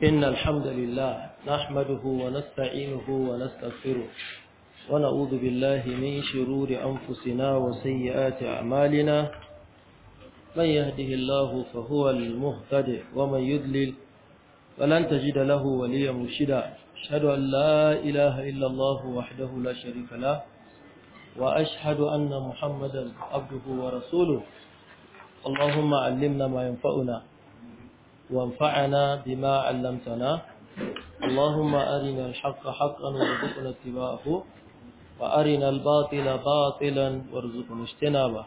إن الحمد لله نحمده ونستعينه ونستغفره ونعوذ بالله من شرور أنفسنا وسيئات أعمالنا من يهده الله فهو المهتد ومن يدلل فلن تجد له وليا مرشدا أشهد أن لا إله إلا الله وحده لا شريك له وأشهد أن محمدا عبده ورسوله اللهم علمنا ما ينفعنا وانفعنا بما علمتنا اللهم أرنا الحق حقا وارزقنا اتباعه وأرنا الباطل باطلا وارزقنا اجتنابه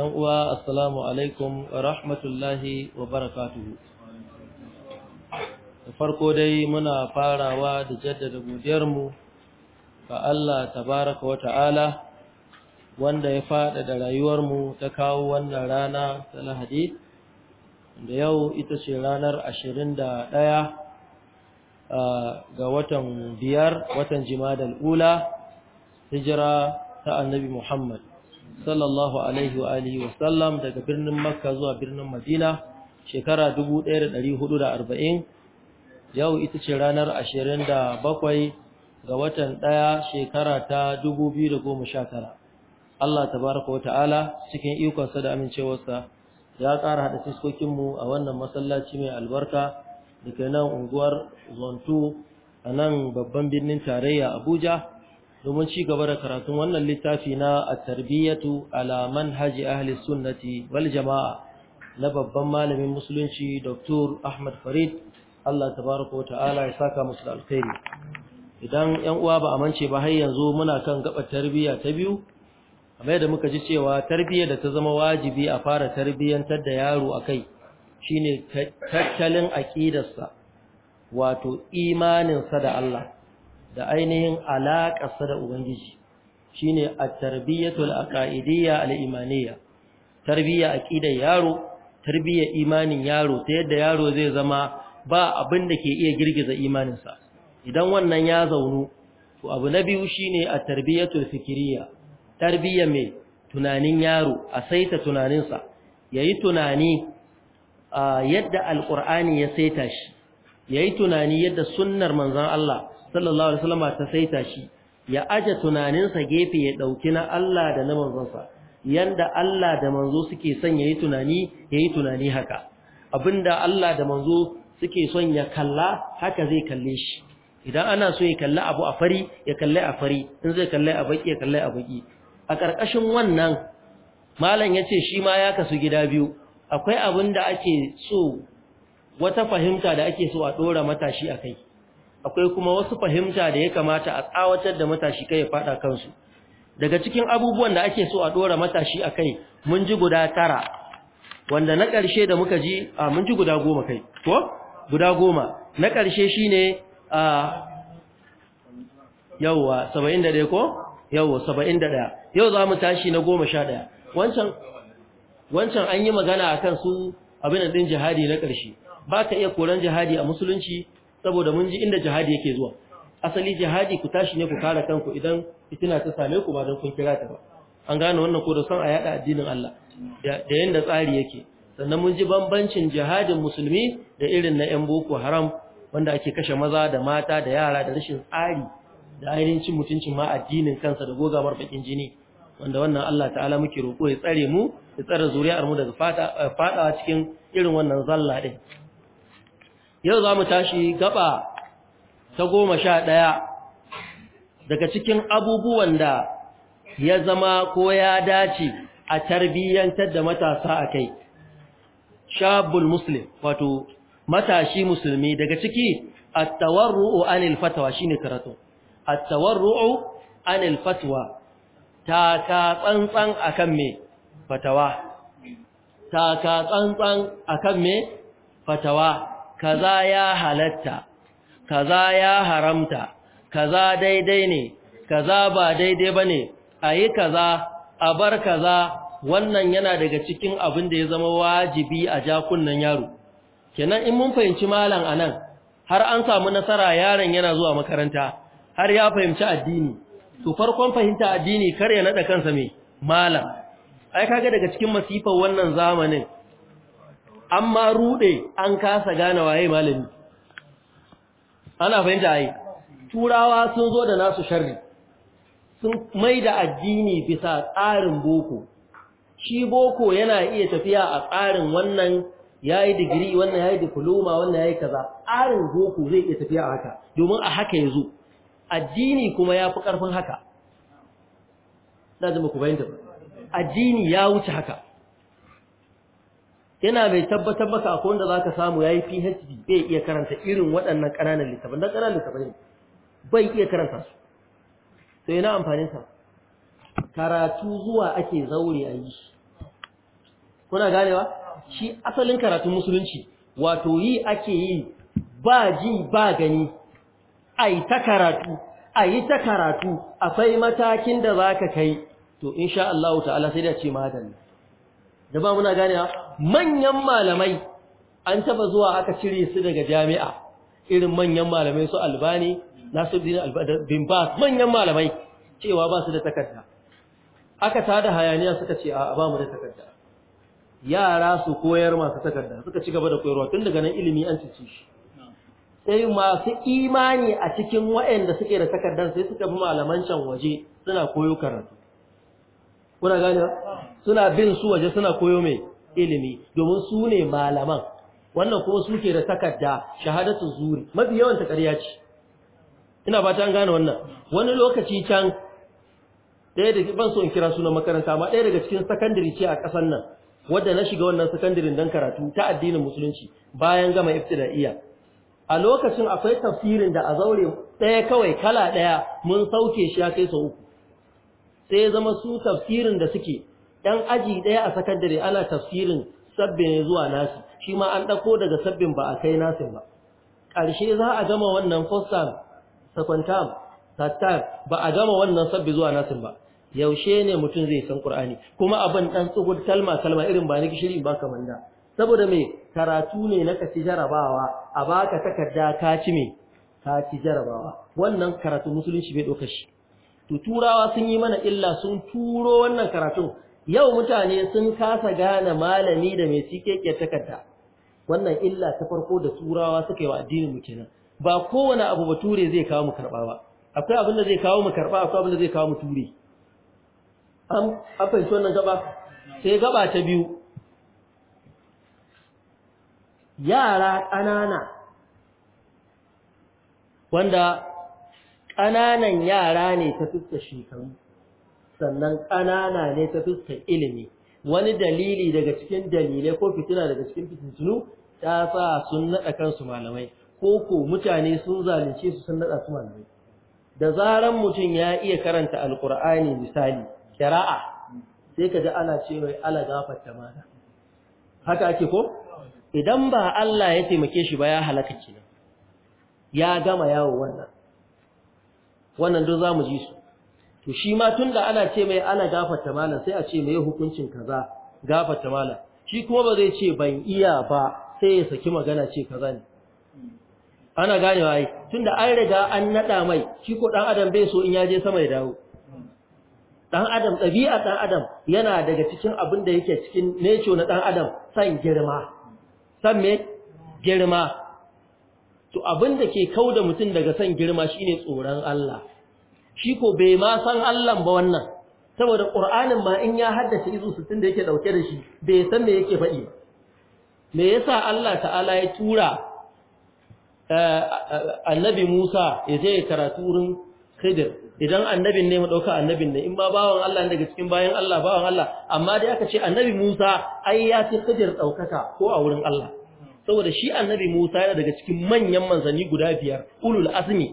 أنوا السلام عليكم ورحمة الله وبركاته da farko dai muna farawa da jaddada godiyarmu ga Allah tabaraka wa ta'ala wanda ya faɗaɗa rayuwarmu ta kawo wannan rana ta lahadi da yau ita ce ranar ashirin da ɗaya ga watan biyar watan jimadal ula hijira ta annabi Muhammad sallallahu alaihi wa alihi wa daga birnin Makka zuwa birnin Madina shekara ɗaya da da hudu arba'in. yau ita ce ranar ashirin da bakwai ga watan ɗaya shekara ta sha 2019 Allah tabaraka wa ta'ala cikin ikonsa da amincewarsa ya ƙara haɗa fiskokinmu a wannan masallaci mai albarka da ke nan unguwar zonto a nan babban birnin tarayya abuja domin ci gaba da karatun wannan littafi na a tarbiyyatu alaman haji ahli sunnati wal jama'a na babban malamin musulunci dr ahmad farid allah tabaraka wa ta'ala ya saka musu da alkhairi idan yan uwa ba a mance ba har yanzu muna kan gaba tarbiyya ta biyu kamar yadda muka ji cewa tarbiyyar da ta zama wajibi a fara tarbiyyantar da yaro a kai shi ne tattalin aƙidarsa wato imaninsa da Allah da ainihin alaƙarsa da Ubangiji shi ne a tarbiyyatul aƙa'idiyya al'imaniyya tarbiyya aƙidar yaro tarbiyyar imanin yaro ta yadda yaro zai zama ba abin da ke iya girgiza imaninsa idan wannan ya zaunu to abu na biyu shi ne a tarbiyyatul fikiriya tarbiyya mai tunanin yaro a saita tunaninsa ya yi tunani yadda alƙur'ani ya saita shi ya yi tunani yadda sunnar manzan Allah sallallahu Alaihi wasallama ta saita shi ya aje tunaninsa gefe ya ɗauki na Allah da na manzansa yadda Allah da manzo suke son ya yi tunani ya yi tunani haka Abin da Allah da manzo suke son ya kalla haka zai kalle shi idan ana so ya kalli abu a fari ya kalle a fari in zai kalle a baki ya kalle a baki a ƙarƙashin wannan malam ya ce shi ma ya kasu gida biyu akwai abin da ake so wata fahimta da ake so a ɗora matashi a kai akwai kuma wasu fahimta da ya kamata a tsawatar da matashi kai ya faɗa kansu daga cikin abubuwan da ake so a ɗora matashi a kai mun ji guda tara wanda na ƙarshe da muka ji a mun ji guda goma kai ko guda goma na ƙarshe shi ne a yauwa saba'in da ko yau saba'in da ɗaya yau za mu tashi na goma sha ɗaya wancan an yi magana a kan su abin ɗin jihadi na ƙarshe ba ka iya koran jihadi a musulunci saboda mun ji inda jihadi yake zuwa asali jihadi ku tashi ne ku kare kanku idan fitina ta same ku ba don kun kira ta ba an gane wannan ko da son a yaɗa addinin Allah da yadda tsari yake sannan mun ji bambancin jihadin musulmi da irin na 'yan boko haram wanda ake kashe maza da mata da yara da rashin tsari da ainihin cin mutuncin ma addinin kansa da gogamar bakin jini wanda wannan Allah ta'ala muke roƙo ya tsare mu ya tsare zuriyar mu daga fadawa eh, cikin irin wannan zalla din yau za mu tashi gaba ta goma sha ɗaya daga cikin abubuwan da ya zama ko ya dace a tarbiyyantar da matasa a kai shabul muslim wato matashi musulmi daga ciki at-tawarru'u anil fatawa shine karatu A tawarruu الفتوى fatwa ta ka tsantsan akan me fatawa fatawa kaza ya halatta kaza ya haramta kaza daidai ne kaza ba daidai bane ayi kaza a bar kaza wannan yana daga cikin abin da ya zama wajibi a jakunnan yaro kenan in mun fahimci malam anan har an samu nasara yaron yana zuwa makaranta har ya fahimci addini to farkon fahimta addini kar ya nada kansa mai malam ai kaga daga cikin masifar wannan zamanin amma rude an kasa gane waye malami ana fahimta ai turawa sun zo da nasu sharri sun mai da addini bisa tsarin boko shi boko yana iya tafiya a tsarin wannan yayi digiri wannan yayi diploma wannan yayi kaza tsarin boko zai iya tafiya a haka domin a haka yazo addini kuma ya fi ƙarfin haka na zama ku bayan tafi addini ya wuce haka yana mai tabbatar maka akwai kowanda za ka samu ya yi phd bai iya karanta irin waɗannan ƙananan littafin don ƙananan littafin ne bai iya karanta su sai yana amfaninsa karatu zuwa ake zaure a yi kuna ganewa shi asalin karatun musulunci wato yi ake yi ba ji ba gani yi ta karatu yi ta karatu akwai matakin da za ka kai to sha Allah ta'ala sai da ce madan da ba muna gane manyan malamai an taba zuwa aka cire su daga jami'a irin manyan malamai su albani nasu albani bin bas manyan malamai cewa ba su da takarda aka ta da hayaniya suka ce a ba mu da takarda yara su koyar masu takarda suka ci gaba da koyarwa tun daga nan ilimi an cici shi sai masu imani a cikin waɗanda suke da takardar sai suka bi malaman can waje suna koyo karatu kuna gane suna bin su waje suna koyo mai ilimi domin su ne malaman wannan kuma suke da takarda shahadatu zuri mafi yawan ta ce ina ba ta gane wannan wani lokaci can ɗaya da ban so in kira sunan makaranta amma ɗaya daga cikin sakandare ce a ƙasar nan wadda na shiga wannan sakandarin don karatu ta addinin musulunci bayan gama ibtida'iyya a lokacin akwai tafsirin da a zaure ɗaya kawai kala ɗaya mun sauke shi ya kai sau uku sai zama su tafsirin da suke ɗan aji ɗaya a sakandare ana tafsirin sabbin zuwa nasi shi ma an ɗauko daga sabbin ba a kai nasin ba ƙarshe za a gama wannan first term second ba a gama wannan sabbi zuwa nasin ba yaushe ne mutum zai san ƙur'ani kuma abin ɗan tsugur kalma kalma irin ba ni gishiri ba kamar da saboda me karatu ne na ka ci jarabawa a baka takarda ka ci me ka ci jarabawa wannan karatu musulunci bai doka shi to turawa sun yi mana illa sun turo wannan karatu. yau mutane sun kasa gane malami da mai ke takarda wannan illa ta farko da turawa suka yi wa addinin mu kenan ba kowane abu ba ture zai kawo mu karba ba akwai abin da zai kawo mu karba akwai abin da zai kawo mu ture an fahimci wannan gaba sai gaba ta biyu yara ƙanana wanda ƙananan yara ne ta fuska shekaru sannan ƙanana ne ta fuska ilimi wani dalili daga cikin dalilai ko fitina daga cikin fitintunu ta sa sun naɗa kansu malamai ko ko mutane sun zalunce su sun naɗa su malamai da zaran mutum ya iya karanta alkur'ani misali kira'a sai ka ji ana cewa ala gafarta mana haka ake ko idan ba Allah ya taimake shi ba ya halaka kenan ya gama yawo wannan wannan duk zamu ji su to shi ma tunda ana ce mai ana gafarta malam sai a ce mai hukuncin kaza gafarta malam shi kuma ba zai ce ban iya ba sai ya saki magana ce kaza ne ana gane wai tunda an riga an nada mai shi ko dan adam bai so in ya je sama ya dawo dan adam dabi'a dan adam yana daga cikin abin da yake cikin nature na dan adam san girma san me girma to abin da ke kauda mutum daga san girma shine tsoron Allah shi ko bai ma san Allah ba wannan saboda Qur'anin ma in ya haddace izu 60 da yake dauke da shi bai san me yake faɗi ba me yasa Allah ta'ala ya tura eh, annabi Musa ya je karatu wurin Khidr idan annabin ne mu dauka annabin ne in ba bawan Allah ne daga cikin bayan Allah bawan Allah amma dai aka ce annabi Musa ai ya fi Khidir daukaka ko a wurin Allah saboda shi annabi Musa yana daga cikin manyan manzanni guda biyar ulul azmi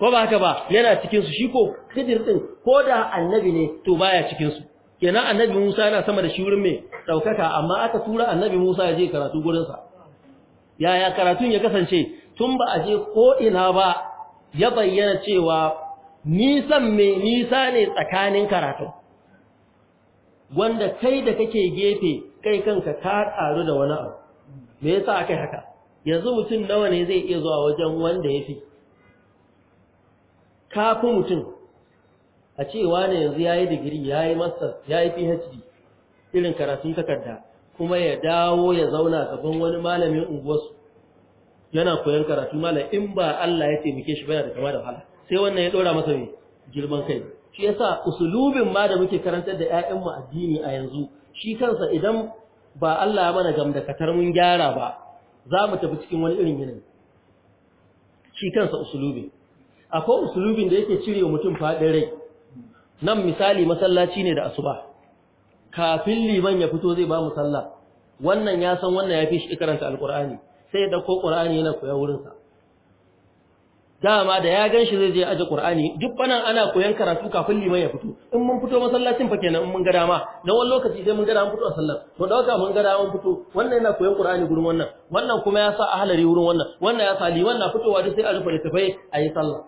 ko ba haka ba yana cikin su shi ko Khidir din ko da annabi ne to baya cikin su kenan annabi Musa yana sama da shi wurin mai daukaka amma aka tura annabi Musa ya je karatu gurin sa yaya karatun ya kasance tun ba a je ko ina ba ya bayyana cewa nisan mai nisa ne tsakanin karatu wanda kai da kake gefe kai kanka ka karu da wani abu me yasa akai haka yanzu mutum nawa ne zai iya zuwa wajen wanda yafi Kafin mutum a cewa ne yanzu yayi digiri yayi master yayi PhD irin karatun takarda kuma ya dawo ya zauna gaban wani malamin unguwarsu yana koyon karatu malam in ba Allah ya taimake shi baya da kama da wahala sai wannan ya dora masa girman kai shi yasa usulubin ma da muke karantar da ƴaƴanmu addini a yanzu shi kansa idan ba Allah ya mana katar mun gyara ba za mu tafi cikin wani irin yanayi shi kansa usulubi akwai usulubin da yake cire mutum faɗin rai nan misali masallaci ne da asuba kafin liman ya fito zai ba mu sallah wannan ya san wannan ya fi shi karanta alkur'ani sai ya dauko qur'ani yana koya wurinsa. dama da ya ganshi zai je aje Qur'ani duk bana ana koyan karatu kafin liman ya fito in mun fito masallacin fa kenan in mun ga dama Na wani lokaci sai mun ga dama fito a sallar to dauka mun ga dama fito wannan yana koyan Qur'ani gurin wannan wannan kuma ya sa ahlari wurin wannan wannan ya sa liman na fitowa duk sai a rufe littafai a yi sallah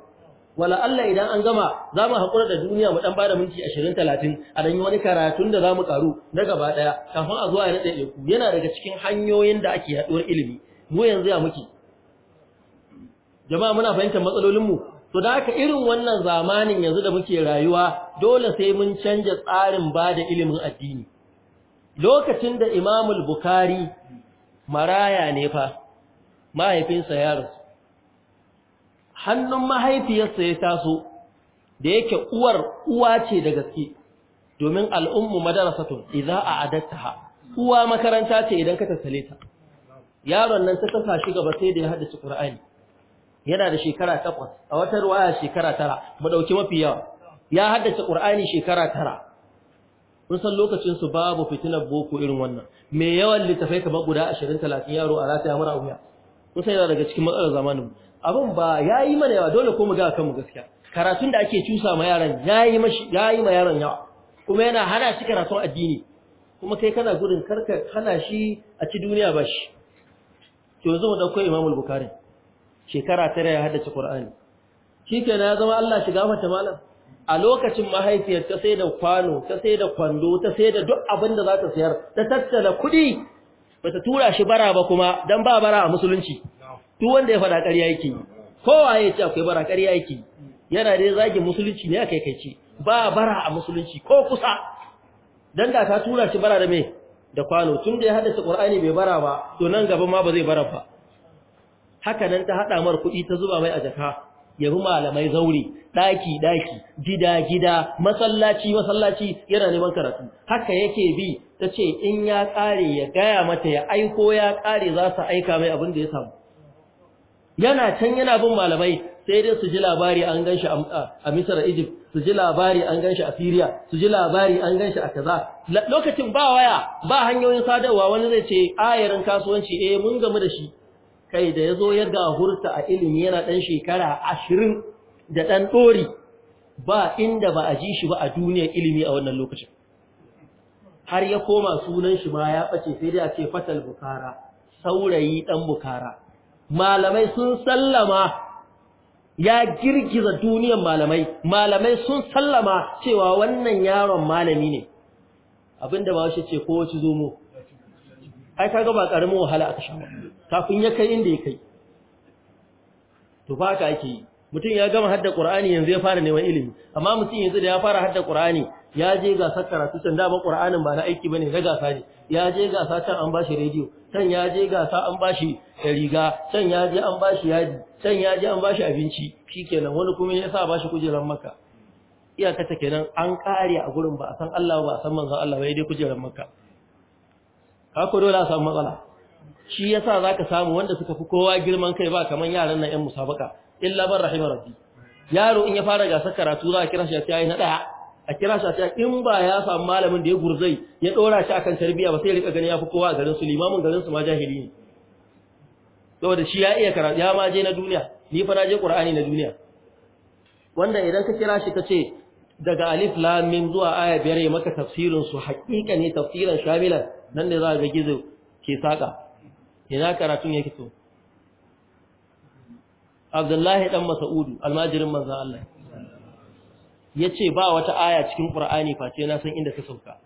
wala Allah idan an gama za mu haƙura da duniya mu dan bada minti ashirin 30 a dan yi wani karatun da za mu karu na gaba daya kafin a zuwa ya naɗe ku yana daga cikin hanyoyin da ake yaɗuwar ilimi mu yanzu ya muke jama'a muna fahimtar matsalolin mu to da haka irin wannan zamanin yanzu da muke rayuwa dole sai mun canja tsarin ba da ilimin addini lokacin da Imamul Bukhari maraya ne fa mahaifinsa ya rasu hannun mahaifiyarsa ya taso da yake uwar uwa ce da gaske domin al'ummu madarasatun idza a'adattaha uwa makaranta ce idan ka tattale ta yaron nan ta kasa shi gaba sai da ya haddace shi yana da shekara takwas a wata ruwaya shekara tara mu dauki mafi yawa ya haddace qur'ani shekara tara Mun san lokacin su babu fitinar boko irin wannan me yawan littafai kamar guda 20 30 yaro a rataya mara wuya Mun san yana daga cikin matsalar zamanin abin ba yayi mana yawa dole ko mu ga kanmu gaskiya karatun da ake cusa ma yaran yayi mashi ma yaran yawa kuma yana hana shi karatun addini kuma kai kana gudun karka hana shi a ci duniya ba shi to yanzu mu dauko imamul Bukhari shekara tara ya haddace Qur'ani kenan ya zama Allah shiga mata malam a lokacin mahaifiyar ta sai da kwano ta sai da kwando ta sai da duk abin da za ta sayar ta tattala kuɗi ta tura shi bara ba kuma dan ba bara a musulunci duk wanda ya faɗa ƙarya yake kowa ya ce akwai bara ƙarya yake yana dai zagi musulunci ne akai kai ce ba bara a musulunci ko kusa dan da ta tura shi bara da me da kwano tun da ya haddace Qur'ani bai bara ba to nan gaba ma ba zai bara ba haka nan ta haɗa mar kuɗi ta zuba mai a jaka yabi malamai zaure ɗaki ɗaki gida gida masallaci masallaci yana neman karatu haka yake bi ta ce in ya ƙare ya gaya mata ya aiko ya ƙare za su aika mai abin da ya samu yana can yana bin malamai sai dai su ji labari an ganshi a Misar Egypt su ji labari an ganshi a Syria su ji labari an ganshi a kaza lokacin ba waya ba hanyoyin sadarwa wani zai ce ayarin kasuwanci eh mun gamu da shi kai da ya zo ya hurta a ilimi yana ɗan shekara ashirin da ɗan ɗori ba inda ba a ji shi ba a duniyar ilimi a wannan lokacin har ya koma sunan shi ma ya ɓace sai dai a ce fatal bukara saurayi ɗan bukara malamai sun sallama ya girgiza duniyar malamai malamai sun sallama cewa wannan yaron malami ne abinda ba shi ce ko zomo ai kaga ba ƙaramin wahala aka sha kafin ya kai inda ya kai tufa fa ake yi mutum ya gama hadda qur'ani yanzu ya fara neman ilimi amma mutum yanzu da ya fara hadda qur'ani ya je sakara karatu can da ba ba na aiki ba ne, na gasa ne ya je gasa can an ba shi rediyo can ya je gasa an ba shi riga can ya je an ba shi yaji can ya je an ba shi abinci Shi kenan wani kuma ya sa bashi kujeran maka iyaka ta kenan an kare a gurin ba a san Allah ba a san manzon Allah ba ya dai kujeran maka ka ku dole a samu matsala shi yasa zaka samu wanda suka fi kowa girman kai ba kaman yaran nan 'yan musabaka illa bar rahimar rabbi yaro in ya fara gasar karatu za a kira shi a yi na daya a kira shi a in ba ya samu malamin da ya gurzai ya dora shi akan tarbiyya ba sai ya rika gani ya fi kowa a garin su limamin garin su ma jahili ne saboda shi ya iya karatu ya ma je na duniya ni fa na je qur'ani na duniya wanda idan ka kira shi ka ce daga alif lam zuwa aya biyar ya maka tafsirin su haƙiƙa ne tafsirin shamilan nan ne za ga gizo ke saka ina karatun yake to Abdullahi dan masaudu almajirin manzon Allah yace ba wata aya cikin Qur'ani face na san inda ta sauka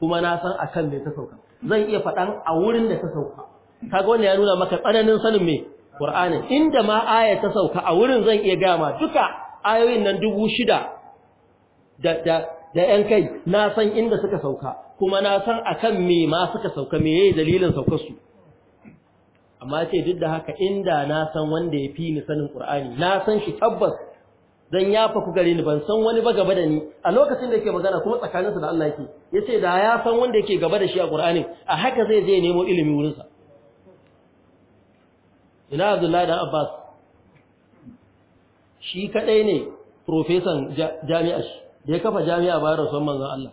kuma na san akan me ta sauka zan iya fadan a wurin da ta sauka kaga wannan ya nuna maka tsananin sanin me Qur'ani inda ma aya ta sauka a wurin zan iya gama duka ayoyin nan dubu shida da da da yan kai na san inda suka sauka kuma na san akan me ma suka sauka me yayi dalilin saukar su amma ce duk da haka inda na san wanda ya fi ni sanin Qur'ani na san shi tabbas dan ya faku gare ni ban san wani ba gaba da ni a lokacin da yake magana kuma tsakaninsa da Allah yake yace da ya san wanda yake gaba da shi a Qur'ani a haka zai je nemo ilimi wurin ina Abdullahi dan Abbas shi kadai ne profesan jami'a shi da ya kafa jami'a bayan rasuwan manzon Allah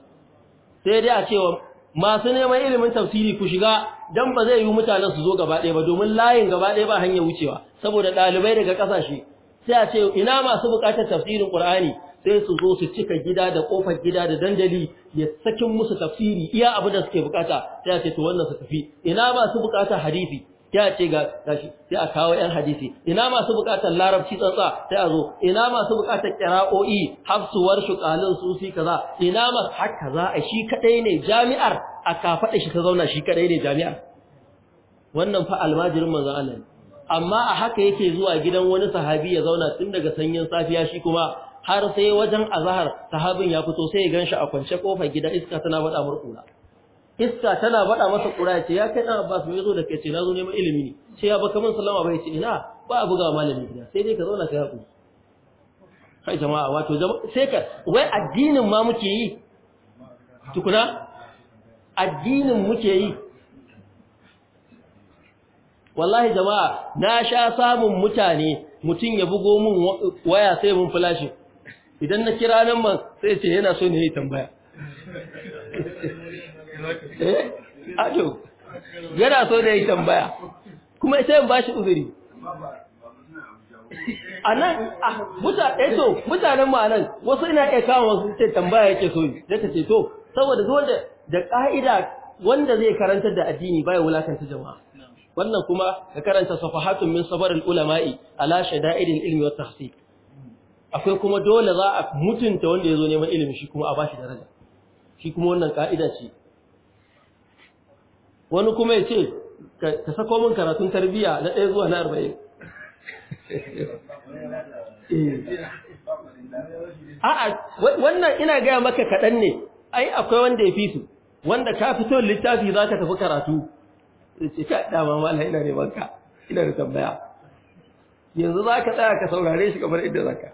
sai dai a cewa masu neman ilimin tafsiri ku shiga dan ba zai yi mutanen su zo gaba ɗaya ba domin layin gaba ɗaya ba hanyar wucewa saboda ɗalibai daga ƙasashe sai a ce ina masu buƙatar tafsirin Qur'ani sai su zo su cika gida da kofar gida da dandali ya sakin musu tafsiri iya abu da suke bukata sai a ce to wannan su tafi ina masu buƙatar hadisi ya ce ga gashi sai a kawo yan hadisi ina masu buƙatar larabci tsantsa sai a zo ina masu bukatar qira'o'i hafsuwar shuqalin susi kaza ina masu haka za a shi kaɗai ne jami'ar a kafada shi ta zauna shi kadai ne jami'ar wannan fa almajirin manzon Allah amma a haka yake zuwa gidan wani sahabi ya zauna tun daga sanyin safiya shi kuma har sai wajen azahar sahabin ya fito sai ya ganshi a kwance kofar gida iska tana fada murƙula iska tana bada masa ƙura ce ya kai dan Abbas mai zo da kai ce nazo neman ilimi ne ce ya baka man sallama bai ce ina ba abu ga malami gida sai dai ka zauna kai haƙuri. kai jama'a wato sai ka wai addinin ma muke yi tukuna addinin muke yi wallahi jama'a na sha samun mutane mutum ya bugo min waya sai mun flash idan na kira nan man sai ce yana so ne yi tambaya eh ado yana so da yi tambaya kuma sai ba shi uzuri a nan eh to mutanen mu nan wasu ina kai kawo wasu ce tambaya yake so da ta ce to saboda zuwa da ka'ida wanda zai karantar da addini baya wulakanta jama'a wannan kuma ka karanta safahatun min sabarul ulama'i ala shada'idil ilmi wa tahsib akwai kuma dole za a mutunta wanda yazo neman ilimi shi kuma a bashi daraja shi kuma wannan ka'ida ce wani kuma ya ce ka sako min karatun tarbiyya na ɗaya zuwa na arba'in eh. a'a wannan ina gaya maka kaɗan ne ai akwai wanda ya fi su wanda ka fito littafi za ka tafi karatu ce ka dama mala ina ne banka ina da tambaya yanzu za ka tsaya ka saurare shi kamar inda za ka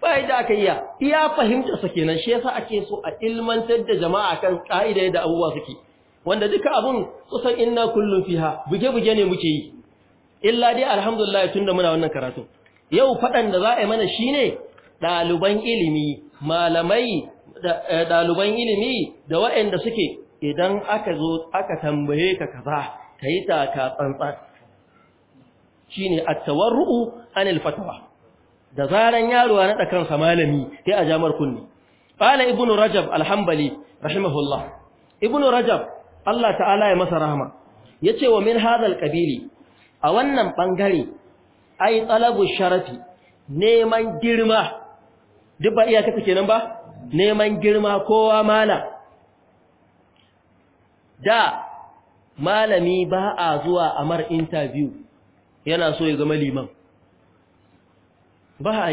ba yadda aka iya iya fahimtarsa kenan shi yasa ake so a ilmantar da jama'a kan ƙa'ida da abubuwa suke wanda duka abun kusan inna kullum fiha buge-buge ne muke yi illa dai alhamdulillah da muna wannan karatu yau faɗan da za a yi mana shine ɗaliban ilimi malamai eh, ɗaliban ilimi da waɗanda suke idan aka zo aka tambaye ka kaza ka yi taka tsantsan shi ne a tawarru'u anil fatawa da zaren yaro na ɗakan malami sai a jamar kunni ƙala ibnu rajab alhambali rahimahullah ibnu rajab Allah ta'ala ya masa rahama ce wa min hadal qabili a wannan bangare ai talabu sharafi neman girma duk ba iya kace kenan ba neman girma kowa malam da malami ba a zuwa a mar interview yana so ya zama liman ba a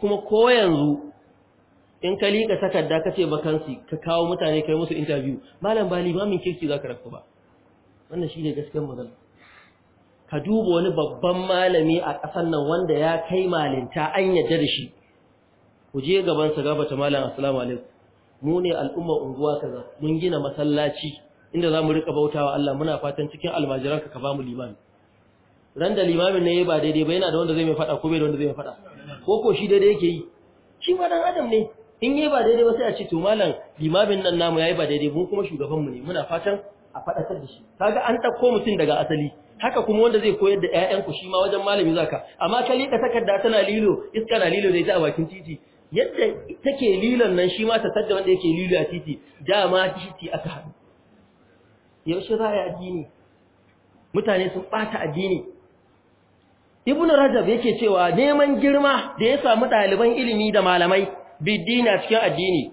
kuma ko yanzu in ka liƙa takarda ka ce vacancy ka kawo mutane kai musu interview malam ba limamin kirki za ka rafu ba wannan shi ne gaskiyar magana ka duba wani babban malami a ƙasar nan wanda ya kai malinta an yadda da shi ku je gaban sa gaba ta malam assalamu alaikum mu ne al'umma unguwa kaza mun gina masallaci inda za mu riƙa bautawa Allah muna fatan cikin almajiran ka ba mu limami ran da limamin ne ya ba daidai ba yana da wanda zai mai faɗa ko bai da wanda zai mai faɗa ko ko shi daidai yake yi shi ma dan adam ne in yi ba daidai wasu ya a ce to malam limamin nan namu yi ba daidai mu kuma shugaban mu ne muna fatan a faɗatar da shi kaga an ɗauko mutum daga asali haka kuma wanda zai koyar da ƴaƴanku shi ma wajen malami zaka amma ka liƙa takarda tana lilo iska na lilo da ita a bakin titi yadda take lilon nan shi ma ta sadda wanda yake lilo a titi dama titi aka haɗu yaushe za a yi addini mutane sun ɓata addini ibnu rajab yake cewa neman girma da ya samu ɗaliban ilimi da malamai biddina cikin addini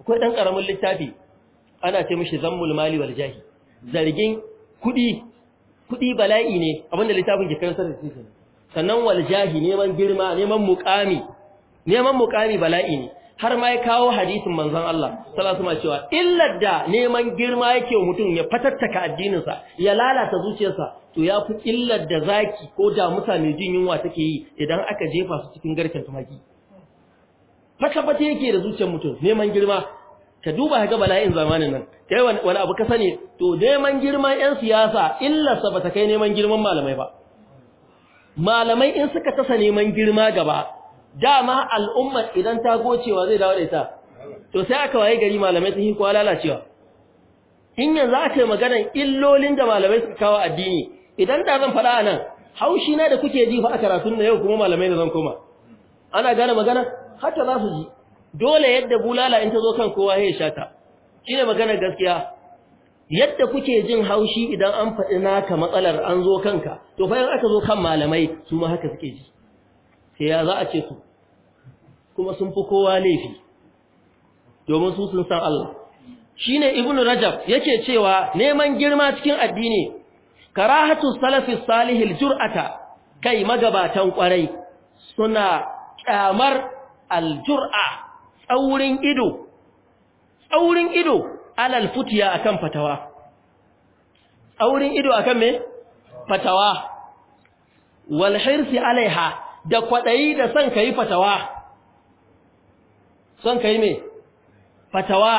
akwai ɗan karamin littafi ana ce mishi zammul mali wal jahi zargin kuɗi kuɗi bala'i ne abinda littafin ke karantar da cikin sannan wal jahi neman girma neman muqami neman muqami bala'i ne har ma ya kawo hadisin manzon Allah sallallahu alaihi cewa illar da neman girma yake mutum ya fatattaka addinin sa ya lalata zuciyarsa to ya yafi illar da zaki ko da mutane jin yunwa take yi idan aka jefa su cikin garken tumaki fata yake da zuciyar mutum neman girma ka duba ga bala'in zamanin nan kai wani abu ka sani to neman girma 'yan siyasa illarsa ba ta kai neman girman malamai ba malamai in suka tasa neman girma gaba dama al'umma idan ta gocewa zai dawo da ita to sai aka waye gari malamai su yi lalacewa in yanzu aka yi maganar illolin da malamai suka kawo addini idan da zan faɗa a nan haushi na da kuke ji fa a karatun na yau kuma malamai da zan koma ana gane magana haka za su ji dole yadda bulala in ta zo kan kowa ya sha ta shine maganar gaskiya yadda kuke jin haushi idan an faɗi naka matsalar an zo kanka to fa aka zo kan malamai su ma haka suke ji sai ya za a ce su kuma sun fi kowa laifi domin su sun san Allah shine ibnu rajab yake cewa neman girma cikin addini karahatu salafi salihil jur'ata kai magabatan kwarai suna kyamar aljur'a tsaurin ido tsaurin ido alal futiya akan fatawa tsaurin ido akan me fatawa wal hirsi alaiha da kwadayi da san kai fatawa san kai me fatawa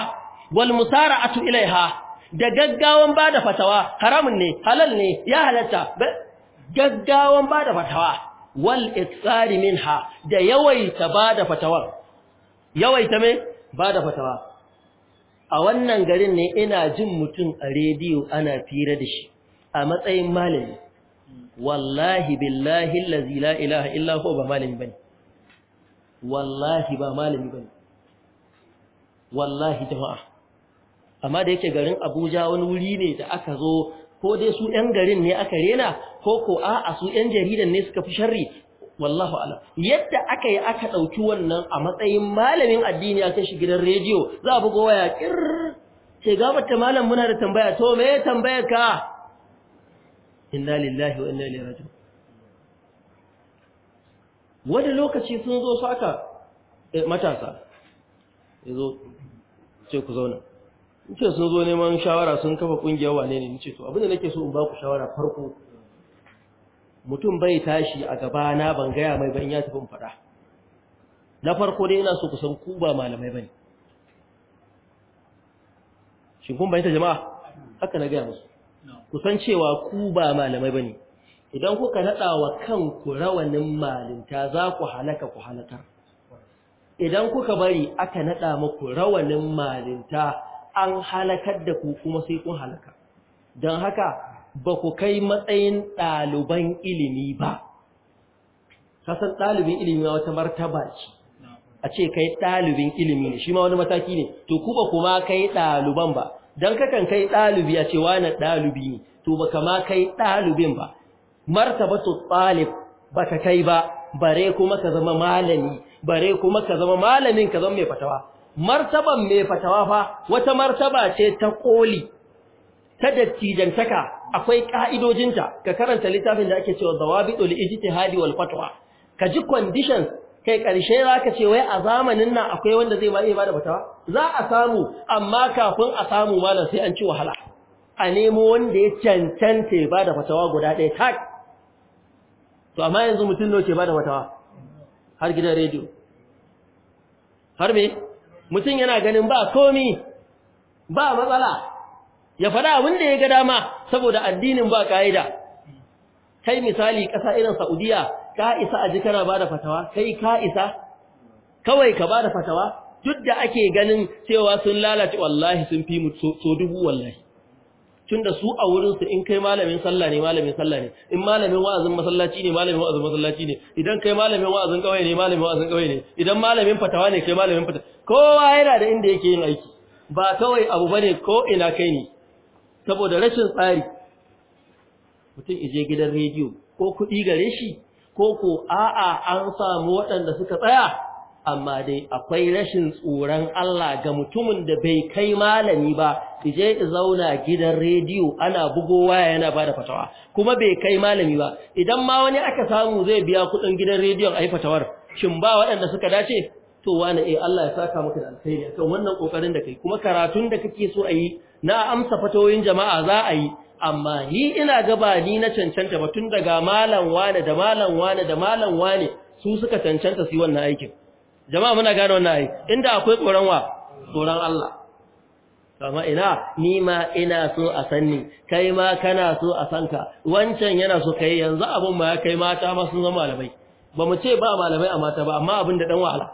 wal musara'atu ilaiha da gaggawan bada fatawa haramun ne halal ne ya halatta gaggawan bada fatawa wal iktsari minha da yawaita bada fatawa yawaita me bada fatawa a wannan garin ne ina jin mutum a rediyo ana fira da shi a matsayin malami wallahi billahi allazi la ilaha illa huwa ba malami bane wallahi ba malami bane wallahi jama'a amma da yake garin Abuja wani wuri ne da aka zo ko dai su ɗan garin ne aka rena ko ko a'a su ɗan jaridan ne suka fi sharri wallahu ala yadda aka yi aka ɗauki wannan a matsayin malamin addini a kashi gidan rediyo za a bugo waya kir ce gabata malam muna da tambaya to me ya tambaya ka inna lillahi wa inna ilaihi raji'un wani lokaci sun zo su aka eh, matasa yazo ce ku zauna ce sun zo neman shawara sun kafa kungiyar wane ne ce to abin da nake so in ba ku shawara farko mutum bai tashi a gaba na ban gaya mai ban ya tafi fada faɗa na farko dai ina so ku san ku ba malamai bane shin kun bayyana jama'a haka na gaya musu ku san cewa ku ba malamai bane idan kuka nada wa kanku rawanin malinta za ku halaka ku halakar idan kuka bari aka nada muku rawanin malinta an halakar da ku kuma sai kun halaka don haka ba ku kai matsayin ɗaliban ilimi ba kasan ɗalibin ilimi ma wata martaba ce a ce kai ɗalibin ilimi ne shi ma wani mataki ne to ku kuma kai ɗaliban ba don kakan kai ɗalibi a ce wani ɗalibi ne to ba kama kai ɗalibin ba martaba su ɗalib ba ka kai ba bare kuma ka zama malami bare kuma ka zama malamin ka zama mai fatawa martaban mai fatawa fa wata martaba ce ta koli ta dattijantaka akwai ka'idojinta ka karanta littafin da ake cewa zawabidul ijtihadi wal fatwa ka ji conditions kai karshe zaka ce wai a zamanin nan akwai wanda zai iya bada fatawa za a samu amma kafin a samu malam sai an ci wahala a nemo wanda ya cancanta ya bada fatawa guda ɗaya tak to amma yanzu mutum ne ke bada fatawa har gidan rediyo har me mutum yana ganin ba komi ba matsala ya fada wanda da ya ga dama saboda addinin ba ka'ida kai misali ƙasa irin Saudiya ka isa aji kana bada fatawa kai ka isa kawai ka bada fatawa duk da ake ganin cewa sun lalace wallahi sun fi mu so dubu wallahi tunda su a wurinsu in kai malamin sallah ne malamin sallah ne in malamin wa'azin masallaci ne malamin wa'azin masallaci ne idan kai malamin wa'azin kawai ne malamin wa'azin kawai ne idan malamin fatawa ne kai malamin fatawa kowa yana da inda yake yin aiki ba kawai abu bane ko ina kai ne saboda rashin tsari mutum ije gidan rediyo ko kuɗi gare shi ko ko a'a an samu waɗanda suka tsaya amma dai akwai rashin tsoron Allah ga mutumin da bai kai malami ba ije zauna gidan rediyo ana bugo waya yana bada fatawa kuma bai kai malami ba idan ma wani aka samu zai biya kuɗin gidan rediyon ayi fatawar shin ba waɗanda suka dace to wani eh Allah ya saka maka da alkhairi akan wannan kokarin da kai kuma karatun da kake so ayi yi na amsa fatoyin jama'a za a yi amma ni ina gaba ni na cancanta ba tun daga malam wane da malam wane da malam wane su suka cancanta su wannan aikin jama'a muna gane wannan aiki inda akwai tsoron wa tsoron Allah kama ina ni ma ina so a sanni kai ma kana so a sanka wancan yana so kai yanzu abun ma kai mata ma sun zama malamai ba mu ce ba malamai a mata ba amma abin da dan wahala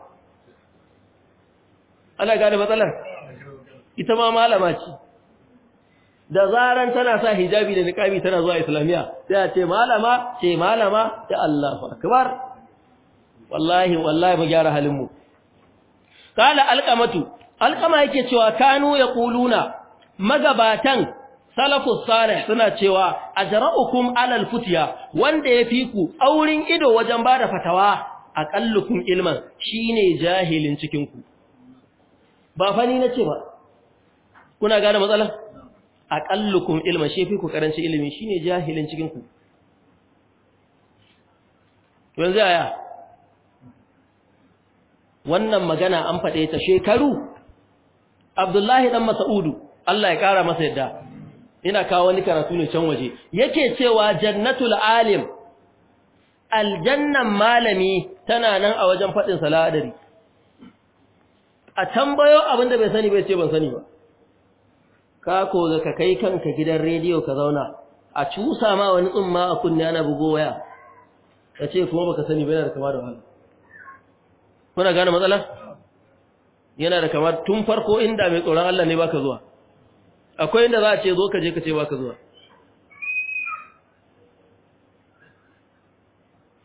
ana gane matsalar ita ma malama ce da zaran tana sa hijabi da niqabi tana zuwa islamiya sai a ce malama ce malama ta Allahu akbar wallahi wallahi mu gyara halin mu kala alqamatu alqama yake cewa kanu yaquluna magabatan salafus salih suna cewa ajra'ukum alal futiya wanda yafi ku aurin ido wajen bada fatawa aqallukum ilman shine jahilin cikin ku ba fani na nace ba kuna gane matsala aqallukum ilman shefi ku karanci ilimi shine jahilin cikin ku yanzu aya wannan magana an fade ta shekaru Abdullahi dan Mas'udu Allah ya kara masa yadda ina kawo wani karatu ne can waje yake cewa jannatul alim aljannan malami tana nan a wajen faɗin saladari a tambayo abin da bai sani bai ce ban sani ba ka ko ka kai kanka gidan rediyo ka zauna a cusa ma wani tsumma a kunni ana bugo waya ka ce kuma baka sani ba yana da kama da wahala kuna gane matsala yana da kama tun farko inda mai tsoron Allah ne baka zuwa akwai inda za a ce zo ka je ka ce baka zuwa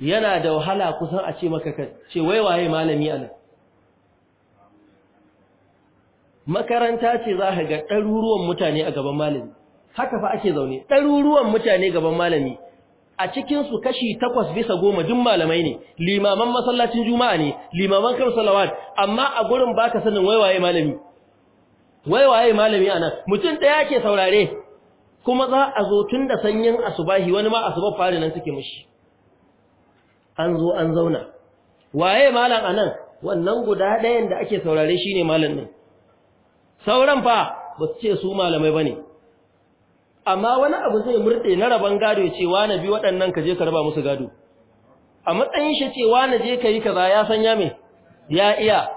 yana da wahala kusan a ce maka ka ce wai waye malami anan makaranta ce za ka ga ɗaruruwan mutane a gaban malami haka fa ake zaune ɗaruruwan mutane gaban malami a cikinsu kashi takwas bisa goma duk malamai ne limaman masallacin juma'a ne limaman kan salawat amma a gurin baka sanin waiwaye malami waiwaye malami ana mutum ɗaya ke saurare kuma za a zo tun da sanyin asubahi wani ma asubar fari nan suke mushi an zo an zauna waye malam anan wannan guda ɗayan da ake saurare shine malam ɗin? sauran fa ba su ce su malamai ba ne amma wani abu zai murɗe na rabon gado ya ce wane bi waɗannan ka je ka raba musu gado a matsayin shi ce wane je ka yi kaza ya sanya mai ya iya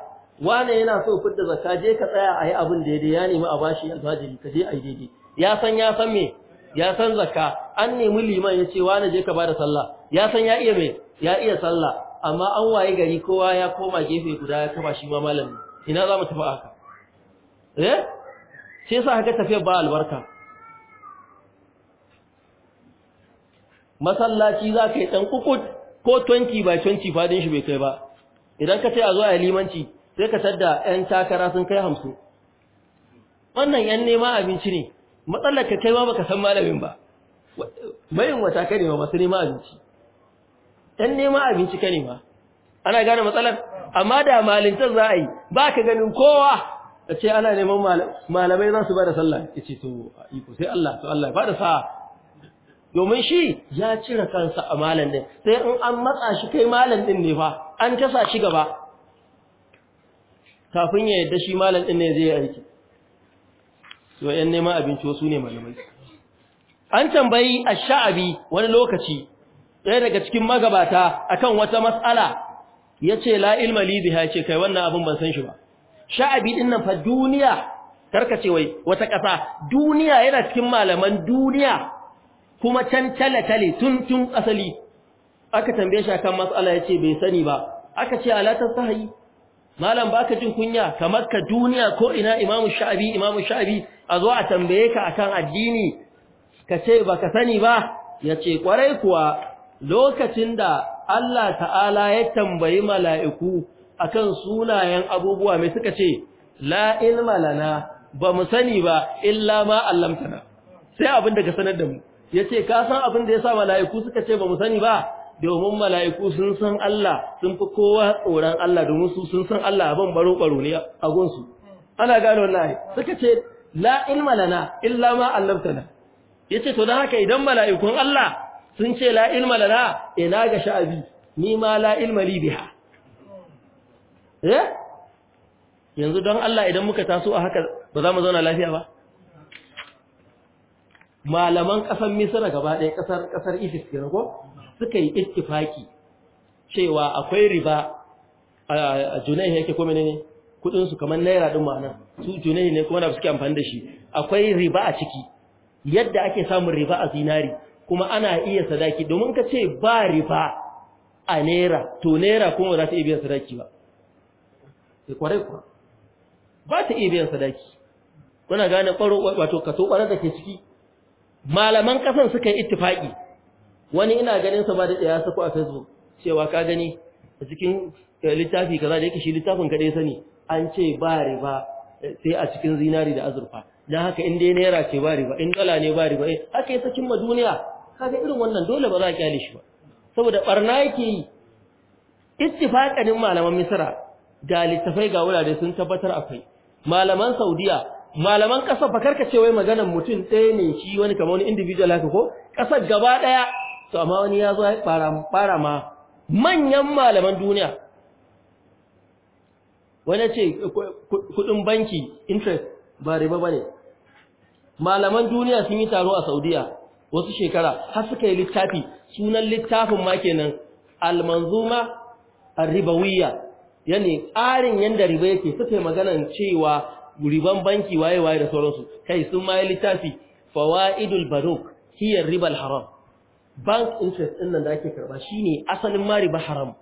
wane yana so fidda Zaka je ka tsaya a yi abin daidai ya nemi a bashi albajiri ka je a yi daidai ya san ya san me ya san Zaka? an nemi liman ya ce wane je ka bada sallah ya san ya iya me ya iya sallah amma an waye gari kowa ya koma gefe guda ya kama shi ma malami ina za mu tafi haka eh sai yasa haka tafiyar ba albarka masallaci za ka yi ɗan kukut ko 20 by 20 fadin shi bai kai ba idan ka ce a zo a limanci sai ka tadda 'yan takara sun kai hamsin wannan 'yan nema abinci ne matsalar ka kai ma baka san malamin ba mayin wata ka nema masu nema abinci 'yan nema abinci ka nema ana gane matsalar amma da malintar za a yi ba ka ganin kowa ta ce ana neman malamai za su ba da sallah ya ce to iko sai Allah to Allah ba da sa domin shi ya cire kansa a malam din sai in an matsa shi kai malam din ne fa an tasa shi gaba kafin ya yadda shi malam din ne zai yi aiki to yan neman abinci wasu ne malamai an tambayi ash-sha'abi wani lokaci ɗaya daga cikin magabata akan wata mas'ala yace la ilma li biha yace kai wannan abin ban san shi ba sha'abi din nan fa duniya karkace wai wata ƙasa duniya yana cikin malaman duniya kuma can tale tun tun asali aka tambaye shi akan matsala yace bai sani ba aka ce ala tasahi malam baka jin kunya kamar ka duniya ko ina imamu sha'abi imamu sha'abi a zo a tambaye ka akan addini ka ce baka sani ba yace kwarai kuwa lokacin da Allah ta'ala ya tambayi mala'iku akan sunayen abubuwa mai suka ce la ilma lana ba mu sani ba illa ma allamtana sai abin da ka sanar da mu yace ka san abin da yasa mala'iku suka ce ba mu sani ba domin mala'iku sun san Allah sun fi kowa tsoron Allah domin su sun san Allah ban baro baro ne a gunsu ana gano wallahi suka ce la ilma lana illa ma allamtana yace to dan haka idan mala'ikun Allah sun ce la ilma lana ina ga sha'abi ni ma la ilma li biha eh yanzu don Allah idan muka taso a haka ba za mu zauna lafiya ba malaman ƙasar misira gaba ɗaya ƙasar ƙasar ifis ke ko suka yi ittifaki cewa akwai riba a junaihi yake kome ne ne kudinsu kamar naira ɗin ma'ana su junaihi ne kuma na suke amfani da shi akwai riba a ciki yadda ake samun riba a zinari kuma ana iya sadaki domin ka ce ba riba a naira to naira kuma za ta iya biyan sadaki ba sai eh, kwarai kuwa ba ta iya biyan sadaki kuna gane kwaro wato kaso kwarar da ke ciki malaman kasan suka yi ittifaki wani ina ganin sa ba da ya sako a facebook cewa ka gani a cikin eh, littafi kaza da yake shi littafin kaɗai sani an ce ba riba eh, sai a cikin zinari da azurfa dan haka in dai naira ce ba riba in dala ne ba riba haka yasa cikin ma duniya kaga irin wannan dole ba za a kyale shi ba saboda barna yake yi ittifaqanin malaman misra da littafai ga wurare sun tabbatar akwai malaman saudiya malaman ba fa karka ce wai maganar mutum ɗaya ne shi wani kamar wani individual haka ko ƙasar gaba ɗaya to amma wani ya zo ya fara ma manyan malaman duniya wani ce kudin banki interest ba riba ba ne malaman duniya sun yi taro a saudiya wasu shekara har suka yi littafi sunan littafin ma kenan almanzuma arribawiyya yani ƙarin yanda riba yake suka yi maganan cewa riban banki waye waye da sauransu kai sun ma yi littafi fawaidul baruk hiya ribal haram bank interest din nan da ake karba shine asalin ma riba haram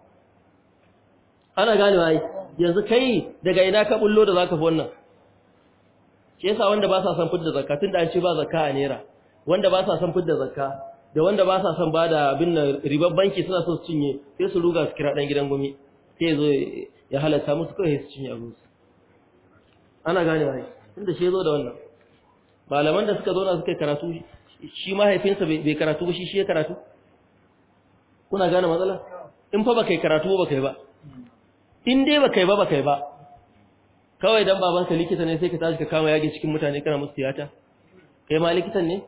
ana gane waye yanzu kai daga ina ka bullo da zaka fi wannan shi wanda ba sa san zakka tun da an ce ba zakka a naira wanda ba sa san zakka da wanda ba sa san bada abin nan, riban banki suna so su cinye sai su ruga su kira dan gidan gumi sai zo ya halatta musu kawai su cinye abinsu ana gane ne inda shi zo da wannan malaman da suka zauna suka karatu shi mahaifinsa bai karatu ba shi shi ya karatu kuna gane matsala in fa baka yi karatu ba kai ba in dai baka yi ba baka yi ba kawai dan babanka likita ne sai ka tashi ka kama yage cikin mutane kana musu tiyata kai ma likitan ne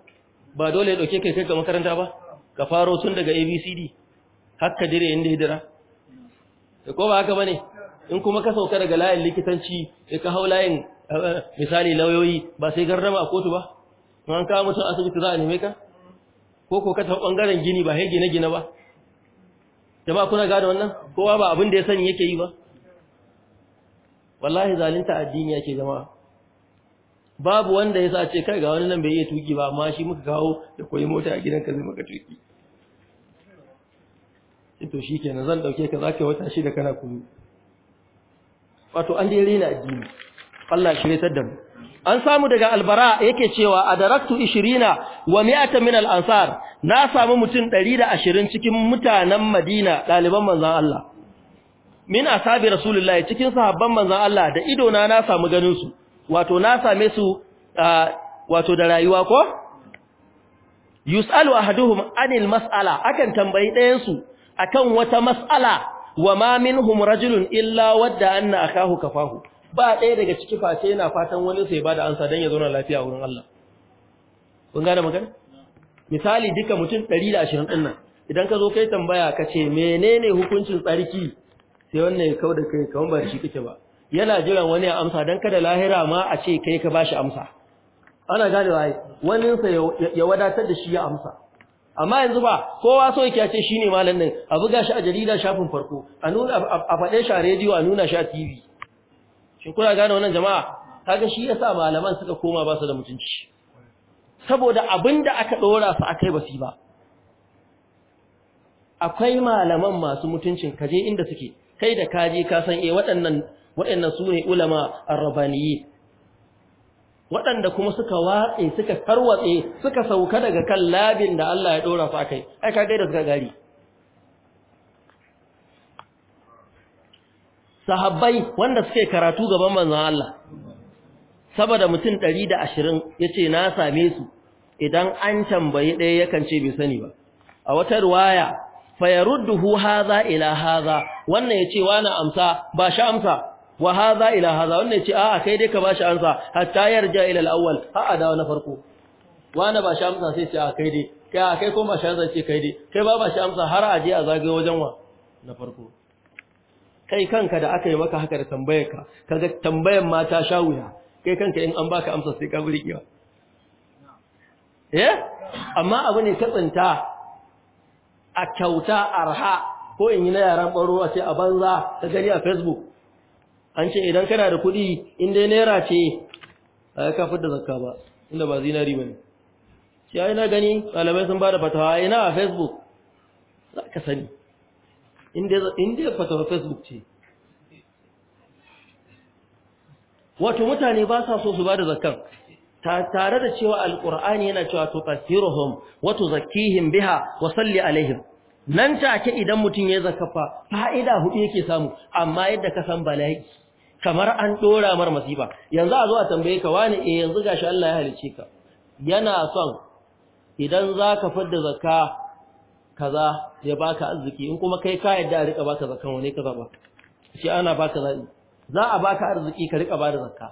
ba dole ya dauke kai kai ga makaranta ba ka faro tun daga ABCD har ka dire inda hidira da ko ba haka bane in kuma ka sauka daga layin likitanci da ka hau layin eh, misali lauyoyi ba sai gardama a kotu ba an kawo mutum asibiti za a neme ka ko ko ka taɓa ɓangaren gini ba sai gine-gine ba jama'a kuna gane wannan kowa ba abin da ya sani yake yi ba wallahi zalunta addini yake jama'a babu wanda ya sace kai ga wani nan bai iya tuki ba amma shi muka kawo da koyi mota a gidanka zai maka tuki to shi na zan ɗauke ka za ka wata shida kana kunu wato an dai rena addini Allah retar da mu an samu daga albara yake cewa a daraktu ishirina wa mi'ata min al'ansar ansar na samu mutum ɗari da ashirin cikin mutanen Madina daliban manzan Allah min sabi rasulullahi cikin sahabban manzan Allah da ido na na samu ganinsu wato na same su wato da rayuwa ko yusalu ahaduhum anil mas'ala akan tambayi ɗayansu. akan wata mas'ala wa ma minhum rajulun illa wadda anna akahu kafahu ba ɗaya daga ciki face yana fatan wani sai ba da ansa dan ya zauna lafiya wurin Allah kun gane magana misali duka mutum 120 din nan idan ka zo kai tambaya ka ce menene hukuncin tsarki sai wannan ya kauda kai kamar ba shi kike ba yana jiran wani ya amsa dan kada lahira ma a ce kai ka bashi amsa ana gane wai wani sai ya wadatar da shi ya amsa amma yanzu ba kowa so yake ce shine malam nan a buga shi a jarida shafin farko a nuna a faɗe shi a rediyo a nuna shi a TV shin kuna gane wannan jama'a kaga shi yasa malaman suka koma ba su da mutunci saboda abinda aka dora su akai basi ba akwai malaman masu mutuncin kaje inda suke kai da kaje ka san eh waɗannan waɗannan su ne ulama ar-rabbaniyyi waɗanda kuma suka watse suka karwatse, suka sauka daga kan labin da Allah ya ɗora su kai, ai ka gaida suka gari sahabbai wanda suke karatu gaban manzon Allah saboda mutum da ashirin ya ce na same su idan an tambayi ɗaya yakan ce bai sani ba a wata riwaya fayarudduhu haza ila haza, wannan ya yace wani amsa ba shi amsa wa hadha ila hadha wanne ce a'a kai dai ka bashi ansa hatta yarja ila al-awwal ha ada na farko wani ba shi amsa sai ce a kai dai kai a kai ko ba shi amsa ce kai dai kai ba ba shi amsa har a je a zagaye wajen wa na farko kai kanka da aka yi maka haka da tambayar ka kaga tambayar ma ta sha wuya kai kanka in an baka amsa sai ka kiwa eh amma abu ne ta tsinta a kyauta arha ko in yi na yaran baro a ce a banza ta gani a facebook an ce idan kana da kuɗi in dai naira ce a ya kafar da zakka ba inda ba zinari ba ne shi ai na gani ɗalibai sun ba da fatawa ina a facebook za ka sani in dai fatawa facebook ce wato mutane ba sa so su ba da zakkan tare da cewa Alƙur'ani yana cewa to kasiruhum wa tuzakkihim biha wa salli alaihim nan take idan mutum ya zakafa fa'ida hudu yake samu amma yadda ka san bala'i kamar an dora mar masifa yanzu a zo a tambaye ka wani eh yanzu gashi Allah ya halice ka yana son idan zaka fadda zakka kaza ya baka arziki in kuma kai ka yadda a rika baka zakka wani kaza ba shi ana baka zaɓi? za a baka arziki ka rika bada zakka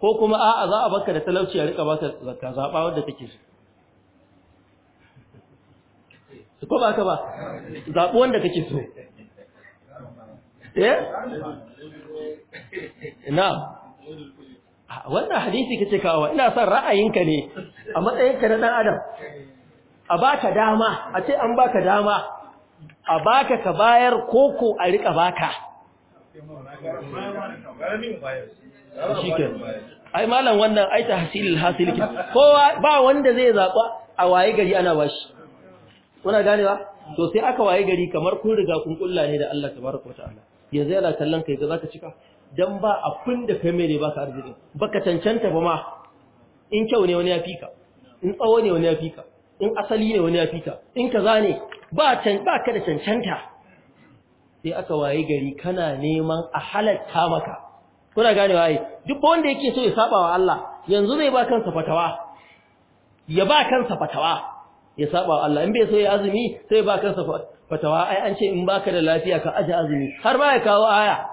ko kuma a'a za a baka da talauci a rika baka zakka zaɓa wanda take so ko ba ka ba zabi wanda kake so Eh? na wannan hadisi kace kawo ina son ra'ayinka ne a matsayinka na dan adam a baka dama a ce an baka dama a baka ka bayar koko a rika baka ai malam wannan ai hasilil hasil kowa ba wanda zai zaba a waye gari ana bashi kuna ganewa to sai aka waye gari kamar kun riga kun kulla ne da Allah tabaraka ta'ala yanzu yana kallon kai ga zaka cika dan ba abin da kai mai ne baka arziki baka cancanta ba ma in kyau ne wani ya fika in tsawo ne wani ya fika in asali ne wani ya fika in kaza ne ba can ba ka da cancanta sai aka waye gari kana neman a halatta maka kuna gane waye duk wanda yake so ya saba wa Allah yanzu zai ba kansa fatawa ya ba kansa fatawa ya saba wa Allah in bai so ya azumi sai ba kansa fatawa ai an ce in baka da lafiya ka aje azumi har ba ya kawo aya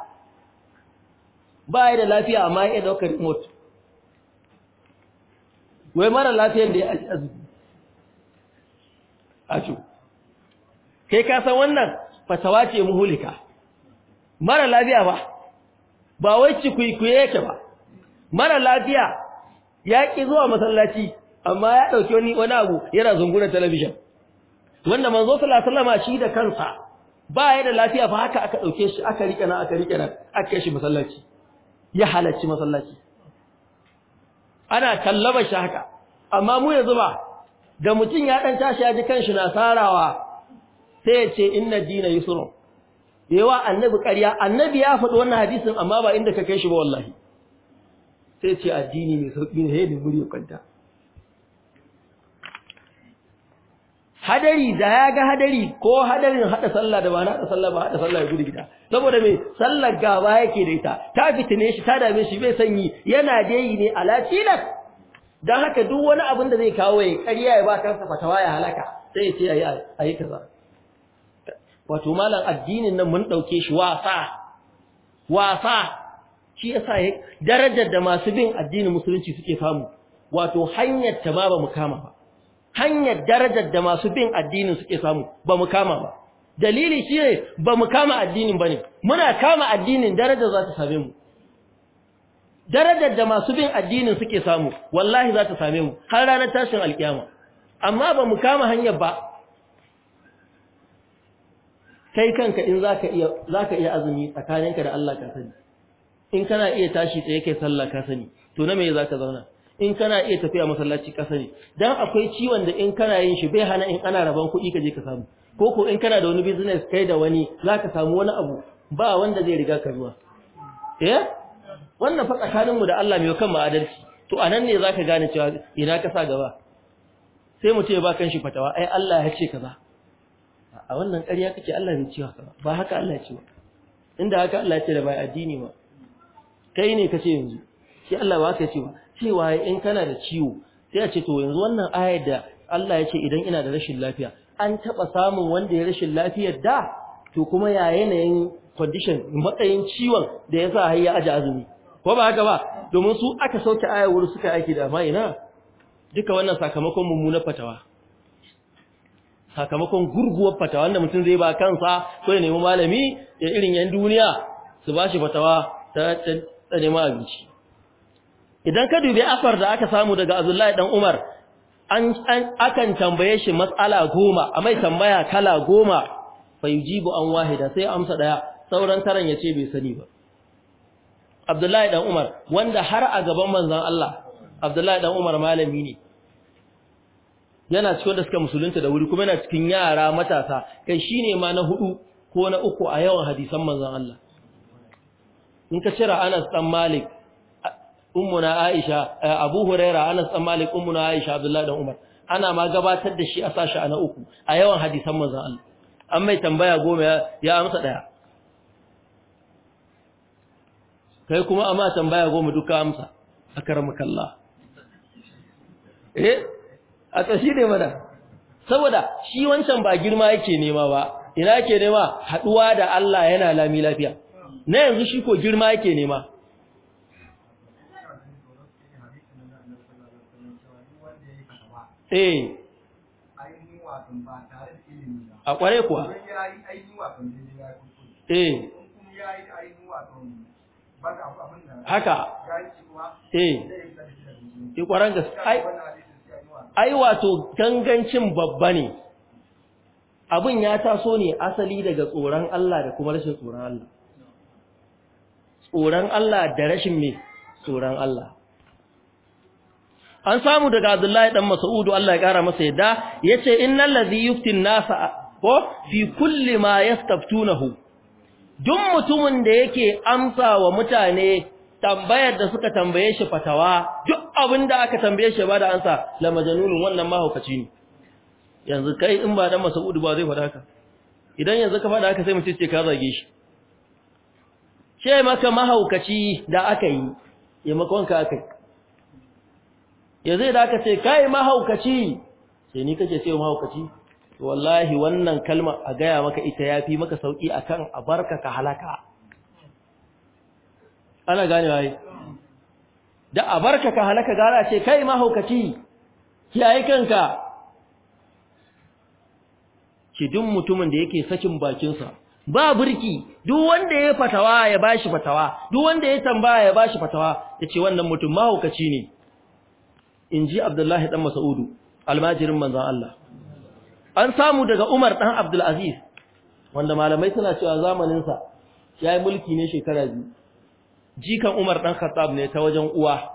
ba ya da lafiya amma ya dauka remote wai mara lafiyar da ya aje azumi acu kai ka san wannan fatawa ce muhulika mara lafiya ba ba wai cikuikuye yake ba mara lafiya ya ki zuwa masallaci amma ya dauki wani abu yana zungura talabijin wanda manzo sallallahu alaihi wasallam shi da kansa ba ya da lafiya fa haka aka dauke shi aka rike na aka rike na aka kai shi masallaci ya halacci masallaci ana kallaba shi haka amma mu yanzu ba da mutun ya dan tashi ya ji kanshi na sarawa sai ya ce inna dina yusrun yawa annabi ƙarya annabi ya faɗi wannan hadisin amma ba inda ka kai shi ba wallahi sai ce addini ne sauki ne sai da buri kwanta hadari da ya ga hadari ko hadarin hada sallah da ba na hada sallah ba hada sallah ya gudu gida saboda me sallar gaba yake da ita ta fitine shi ta dame shi bai sanyi yana dai ne ala tilak dan haka duk wani abin da zai kawo ya karya ya ba kansa fatawa ya halaka sai ya ce ayi ayi kaza wato malam addinin nan mun dauke shi wasa wasa shi yasa darajar da masu bin addinin musulunci suke samu wato hanyar ta ba ba mu kama ba hanyar darajar da masu bin addinin suke samu ba mu kama ba dalili shine ba mu kama addinin ba ne, muna kama addinin darajar za ta same mu darajar da masu bin addinin suke samu wallahi za ta same mu har ranar tashin alkiyama amma ba mu kama hanyar ba kai kanka in zaka iya iya azumi tsakaninka da Allah ka sani in kana iya tashi tsaye kai sallah ka sani to na me ka zauna in kana iya tafiya masallaci kasa ne. dan akwai ciwon da in kana yin shi bai hana in ana raban kuɗi ka je ka samu ko ko in kana da wani business kai da wani zaka samu wani abu ba wanda zai riga ka zuwa eh wannan fa tsakanin mu da Allah mai kan ma'adalci to anan ne zaka gane cewa ina ka sa gaba sai mu ce ba kan shi fatawa ai Allah ya ce kaza a wannan ƙarya kake Allah ya ce haka ba haka Allah ya ce ba inda haka Allah ya ce da bai addini ba kai ne kace yanzu shi Allah ba haka ya ce ba cewa in kana da ciwo sai a ce to yanzu wannan ayar da Allah ya ce idan ina da rashin lafiya an taɓa samun wanda ya rashin lafiyar da to kuma ya yanayin condition matsayin ciwon da ya sa har ya aji azumi ko ba haka ba domin su aka sauke ayar wuri suka aiki da amma ina duka wannan sakamakon na fatawa sakamakon gurguwar fatawa wanda mutum zai ba kansa ko ya nemi malami da irin yan duniya su ba shi fatawa ta ta abinci idan ka dubi afar da aka samu daga Abdullahi dan Umar an akan tambaye shi matsala goma a mai tambaya kala goma fayujibu an wahida sai amsa daya sauran taran yace bai sani ba Abdullahi dan Umar wanda har a gaban manzon Allah Abdullahi dan Umar malami ne yana cikin da suka musulunta da wuri kuma yana cikin yara matasa kai shine ma na hudu ko na uku a yawan hadisan manzon Allah in ka cira Anas dan Malik ummuna Aisha eh, Abu Huraira Anas dan Malik ummuna Aisha Abdullah dan Umar ana ma gabatar da shi a sashi ana uku a yawan hadisan manzon Allah an mai tambaya goma ya amsa daya kai kuma amma tambaya goma duka amsa akramakallah eh a tsashi ne mana saboda shi wancan ba girma yake nema ba ina yake nema haduwa da Allah yana lami lafiya na yanzu shi ko girma yake nema eh a kware kuwa eh haka eh yi eh, kwaran gaske ai wato gangancin babba ne abin ya taso ne asali daga tsoron Allah da kuma rashin tsoron Allah tsoron Allah da rashin me tsoron Allah an samu daga Abdullahi dan Mas'udu Allah ya kara masa yadda yace innal ladhi yuftin nasa ko fi kulli ma yastaftunahu duk mutumin da yake amsa wa mutane tambayar da suka tambaye shi fatawa duk abin da aka tambaye shi ba da ansa la majnunun wannan mahaukaci ne yanzu kai in ba dan Mas'udu ba zai fada ka idan yanzu ka fada haka sai mu ce ka zage shi ce maka mahaukaci da aka yi ka aka yi zai da aka ce kai mahaukaci sai ni kace sai mahaukaci wallahi wannan kalma a gaya maka ita yafi maka sauki akan a barka ka halaka ana gane wai da a barka ka halaka gara ce kai mahaukaci kiyaye kanka ki duk mutumin da yake sakin bakinsa ba burki duk wanda ya fatawa ya bashi fatawa duk wanda ya tambaya ya bashi fatawa yace wannan mutum mahaukaci ne in ji abdullahi ɗan masa'udu almajirin manzan Allah an samu daga umar ɗan abdulaziz wanda malamai suna cewa zamaninsa ya yi mulki ne shekara biyu jikan umar ɗan khattab ne ta wajen uwa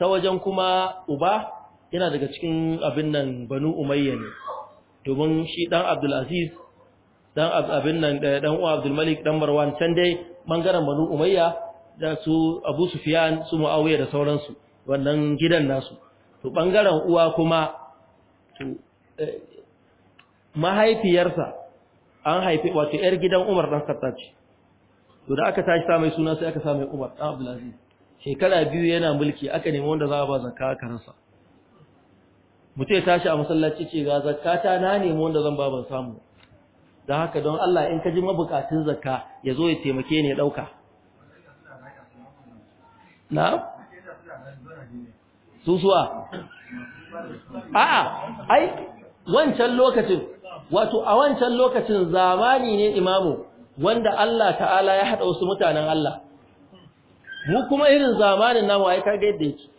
ta wajen kuma uba yana daga cikin abin nan banu umayya ne domin shi ɗan abdulaziz dan abin nan eh, dan uwa Abdul Malik dan Marwan can dai bangaren Banu Umayya da su Abu Sufyan su Muawiya da sauransu wannan gidan nasu to ɓangaren uwa kuma to eh, mahaifiyarsa an haifi wato ‘yar gidan Umar ɗan Kattaci, to da aka tashi sa mai suna sai aka sa mai Umar ɗan shekara biyu yana mulki aka nemi wanda za a ba zakka aka rasa. Mutum ya tashi a masallaci ce ga ta na nemi wanda zan ba ban samu. Don haka don Allah in ka ji mabukatun zakka ya zo ya taimake ni ya ɗauka. Susuwa? a a'a ai wancan lokacin wato a wancan lokacin zamani ne imamu wanda Allah ta'ala ya haɗa wasu mutanen Allah mu kuma irin zamanin namu ai kaga yadda yake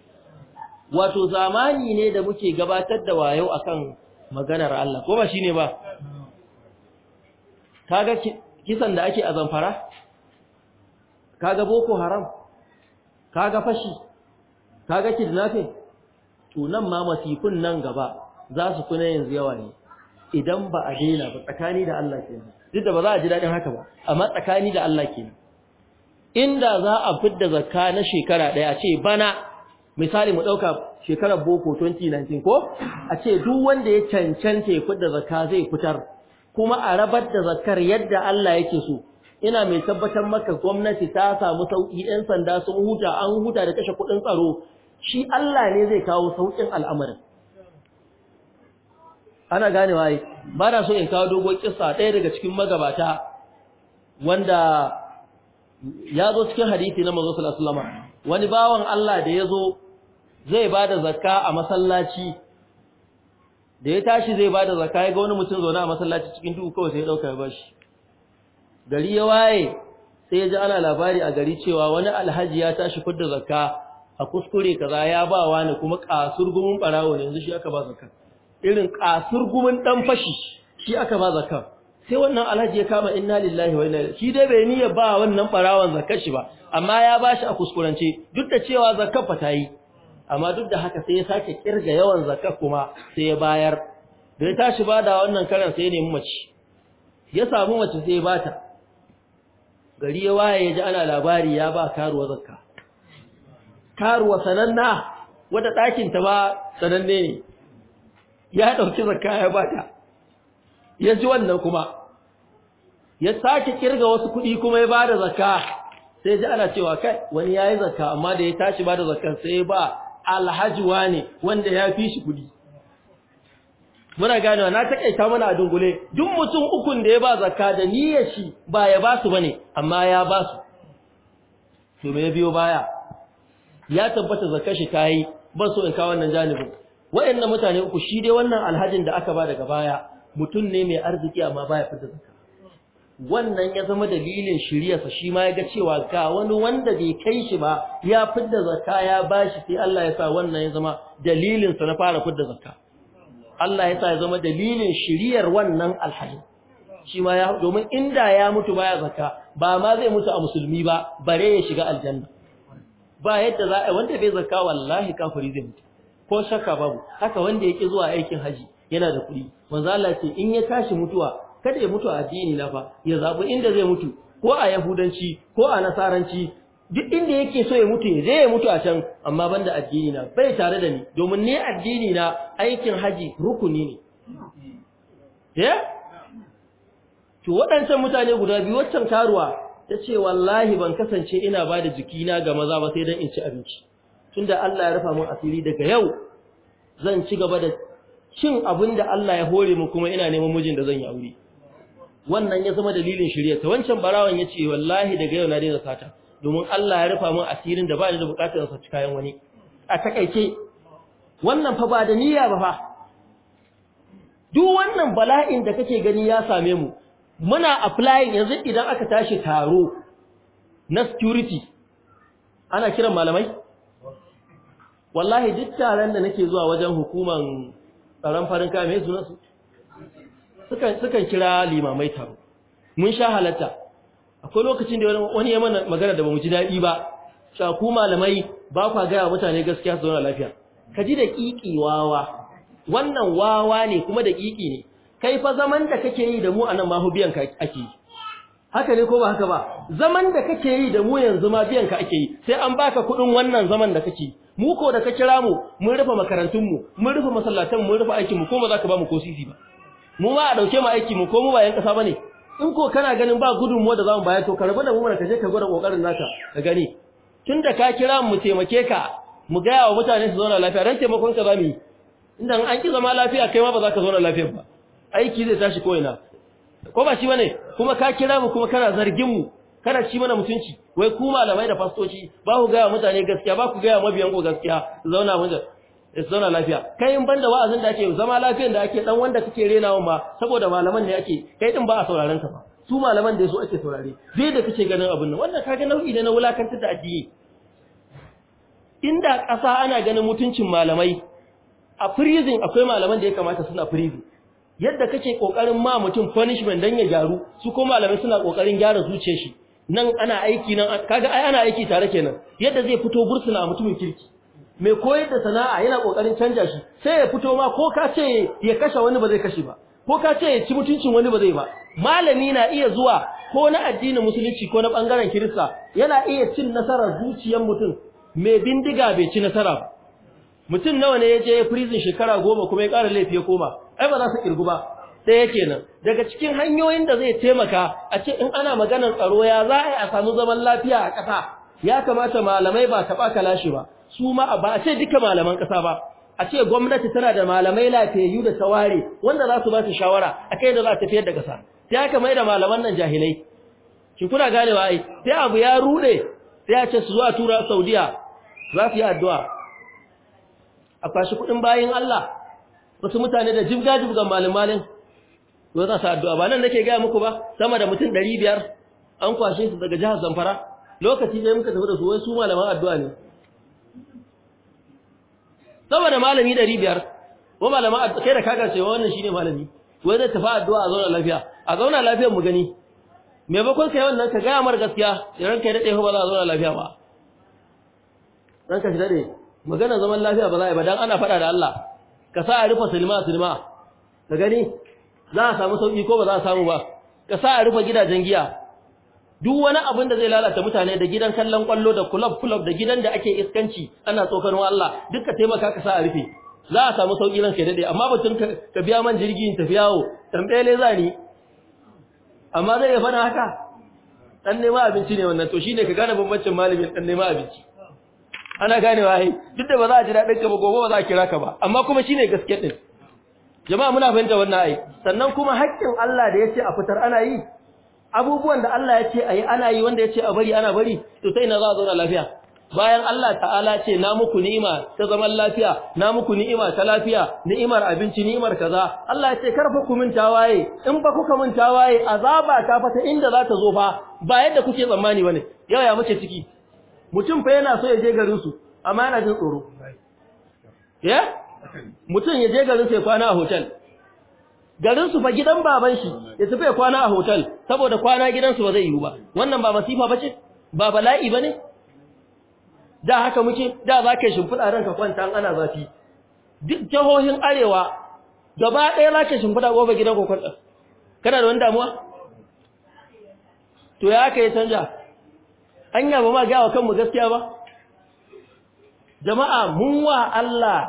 wato zamani ne da muke gabatar da wayo akan maganar Allah ko ba shine ba kaga kisan da ake a zamfara kaga boko haram kaga fashi kaga kidnapping to nan ma masifin nan gaba za su kuna yanzu yawa ne idan ba a daina ba tsakani da Allah ke duk da ba za a ji daɗin haka ba amma tsakani da Allah ke inda za a fidda zakka na shekara daya a ce bana misali mu ɗauka shekarar boko 2019 ko a ce duk wanda ya cancanta ya fidda zakka zai fitar kuma a rabar da zakkar yadda Allah yake so ina mai tabbatar maka gwamnati ta samu sauki 'yan sanda sun huta an huta da kashe kuɗin tsaro shi Allah ne zai kawo sauƙin al'amarin ana gane waye ba na so in kawo dogon ƙisa ɗaya daga cikin magabata wanda ya zo cikin hadisi na mazo salasulama, wani bawan Allah da ya zo zai ba da zakka a masallaci da ya tashi zai ba da zaka ya ga wani mutum zaune a masallaci cikin duk kawai sai ya ɗauka ya bashi gari ya waye sai ya ji ana labari a gari cewa wani alhaji ya tashi kudda zakka a kuskure kaza ya ba wani kuma gumin barawo yanzu shi aka ba zakka irin gumin dan fashi shi aka ba zakka sai wannan alhaji ya kama inna lillahi wa inna shi dai bai niyya ba wannan barawon zakkar shi ba amma ya bashi a kuskurance duk da cewa zakkar fa ta yi amma duk da haka sai ya sake kirga yawan zakkar kuma sai ya bayar da ya tashi bada wannan karan sai ya nemi mace ya samu mace sai ya bata gari ya waye ya ji ana labari ya ba karuwa zakka karuwa sananna wata ɗakinta ba sananne ne ya ɗauki zakka ya bata ya ji wannan kuma ya sake kirga wasu kuɗi kuma ya bada zakka sai ji ana cewa kai wani ya yi zakka amma da ya tashi bada zakka sai ba alhajiwa ne wanda ya fi shi kuɗi muna ganewa na takaita mana a dungule duk mutum ukun da ya ba zakka da niyyar shi ba ya ba su bane amma ya ba su to me biyo baya ya tabbata zaka shi yi, ban so in kawo wannan janibin wayannan mutane uku shi dai wannan alhajin da aka ba daga baya mutum ne mai arziki amma baya fitar zakka wannan ya zama dalilin shiryarsa shi ma ya ga cewa ga wani wanda bai kai shi ba ya fita zakka ya bashi sai Allah ya sa wannan ya zama dalilin sa na fara fita zakka Allah ya sa ya zama dalilin shiriyar wannan alhaji shi ma ya domin inda ya mutu baya zakka ba ma zai mutu a musulmi ba bare ya shiga aljanna ba yadda za a wanda bai zakka wallahi kafiri zai mutu ko shakka babu haka wanda yake zuwa aikin haji yana da kuɗi manzo Allah ce in ya tashi mutuwa kada ya mutu a addini na fa ya zabi inda zai mutu ko a yahudanci ko a nasaranci duk inda yake so ya mutu zai ya mutu a can amma banda addini na bai tare da ni domin ni addini na aikin haji rukuni ne eh to waɗancan mutane guda biyu waccan taruwa. ta ce wallahi ban kasance ina ba da jikina ga maza ba sai don in ci abinci tunda Allah ya rufa mun asiri daga yau zan ci gaba da cin abin da Allah ya hore mu kuma ina neman mijin da zan yi aure wannan ya zama dalilin shirya ta wancan barawan ya ce wallahi daga yau na daina sata domin Allah ya rufa mun asirin da ba da bukatar sa ci kayan wani a takaice wannan fa ba da niyya ba fa duk wannan bala'in da kake gani ya same mu muna applying yanzu idan aka tashi taro na security ana kiran malamai wallahi duk taron da nake zuwa wajen hukuman tsaron farin kaya mai suna su sukan kira limamai taro mun sha halatta akwai lokacin da wani ya mana magana da bamu ji daɗi ba sha ku malamai ba kwa gaya mutane gaskiya su zauna lafiya ka ji da ƙiƙi wawa wannan wawa ne kuma da ƙiƙi ne kai fa zaman da kake yi da mu anan ma biyan ka ake yi haka ne ko ba haka ba zaman da kake yi da mu yanzu ma biyan ake yi sai an baka kuɗin wannan zaman da kake yi mu ko da ka kira mu mun rufe makarantunmu mun rufe masallatan mun rufe aikinmu ko ba za ka ba mu ko sisi ba mu ma a dauke mu aiki mu ko mu yan kasa bane in ko kana ganin ba gudunmu da zamu bayar to ka rabu da mu mana ka je ka gwada kokarin naka ka gani tunda ka kira mu taimake ka mu ga wa mutane su zauna lafiya ran taimakon ka zamu yi inda an ki zama lafiya kai ma ba za ka zauna lafiya ba aiki zai tashi ko ina ko ba shi bane kuma ka kira mu kuma kana zargin mu kana ci mana mutunci wai ku malamai da fastoci ba ku ga mutane gaskiya ba ku ga mabiyan ku gaskiya zauna mun zauna lafiya kai in banda wa'azin da ake zama lafiyan da ake dan wanda kake renawa ma saboda malaman ne ake kai din ba a sauraron ka ba su malaman da su ake saurare Zai da kake ganin abin nan wannan kaga nau'i ne na wulakantar da addini inda ƙasa ana ganin mutuncin malamai a prison akwai malaman da ya kamata suna prison yadda kake kokarin ma mutum punishment dan ya gyaru su ko malamai suna kokarin gyara zuciyar shi nan ana aiki nan kaga ai ana aiki tare kenan yadda zai fito bursuna a mutumin kirki mai koyar da sana'a yana kokarin canja shi sai ya fito ma ko ka ce ya kashe wani ba zai kashe ba ko ka ce ya ci mutuncin wani ba zai ba malami na iya zuwa ko na addinin musulunci ko na bangaren kirista yana iya cin nasarar zuciyar mutum mai bindiga bai ci nasara ba mutum nawa ne ya je prison shekara goma kuma ya kara laifi ya koma ai ba za su kirgu ba daya kenan daga cikin hanyoyin da zai taimaka a ce in ana maganar tsaro ya za a yi a samu zaman lafiya a ƙasa ya kamata malamai ba taɓa lashe ba su ma ba a ce duka malaman ƙasa ba a ce gwamnati tana da malamai lafiyayyu da taware wanda za su ba su shawara a kai da za a tafiyar da ƙasa sai aka mai da malaman nan jahilai ki kuna ganewa ai sai abu ya rude sai a ce su zuwa tura saudiya za su yi addu'a a kwashi kuɗin bayan allah wasu mutane da jibga jibgan malin-malin wai za su addu'a ba nan nake gaya muku ba sama da mutum ɗari biyar an kwashe su daga jihar zamfara lokaci zai muka tafi da su wai su malaman addu'a ne sama da malami ɗari biyar wa malaman addu'a kai da kagar cewa wannan shi ne malami wai zai tafi addu'a a zauna lafiya a zauna lafiyan mu gani me kai wannan ka gaya mara gaskiya idan kai daɗe ba za a zauna lafiya ba ranka shi daɗe magana zaman lafiya ba za a yi ba don ana faɗa da Allah ka sa a rufe silma silma ka gani za a samu sauƙi ko ba za a samu ba ka sa a rufe gidajen giya duk wani abin da zai lalata mutane da gidan kallon kwallo da kulob-kulob da gidan da ake iskanci ana tsokanin Allah ka taimaka ka sa a rufe za a samu sauƙi nan kai dade amma batun ka biya man jirgin tafiyawo za zani amma zai ya fada haka dan nema abinci ne wannan to shine ka gane bambancin malamin dan nema abinci ana ganewa ai duk da ba za a ji dadin ka ba gobe ba za a kira ka ba amma kuma shine gaske ɗin. jama'a muna fahimta wannan ai sannan kuma haƙƙin Allah da yace a fitar ana yi abubuwan da Allah ya ce a yi ana yi wanda ya ce a bari ana bari to sai na za a zauna lafiya bayan Allah ta'ala ce na muku ni'ima ta zaman lafiya na muku ni'ima ta lafiya ni'imar abinci ni'imar kaza Allah ya ce kar fa ku min tawaye in ba kuka min tawaye azaba ta fata inda za ta zo fa ba yadda kuke tsammani bane yau ya muke ciki mutum fa yana so ya je garin su amma yana jin tsoro ya mutum ya je garin sai kwana a hotel garin su fa gidan baban shi ya tafi kwana a hotel saboda kwana gidan su ba zai yiwu ba wannan ba masifa bace ba bala'i bane da haka muke da za ka shimfiɗa ranka kwanta an ana zafi duk jihohin arewa gaba ɗaya za ka shimfiɗa gobe gidan kokon ɗan kana da wani damuwa to ya kai canja anya ba ma gawa kanmu gaskiya ba jama'a mun wa Allah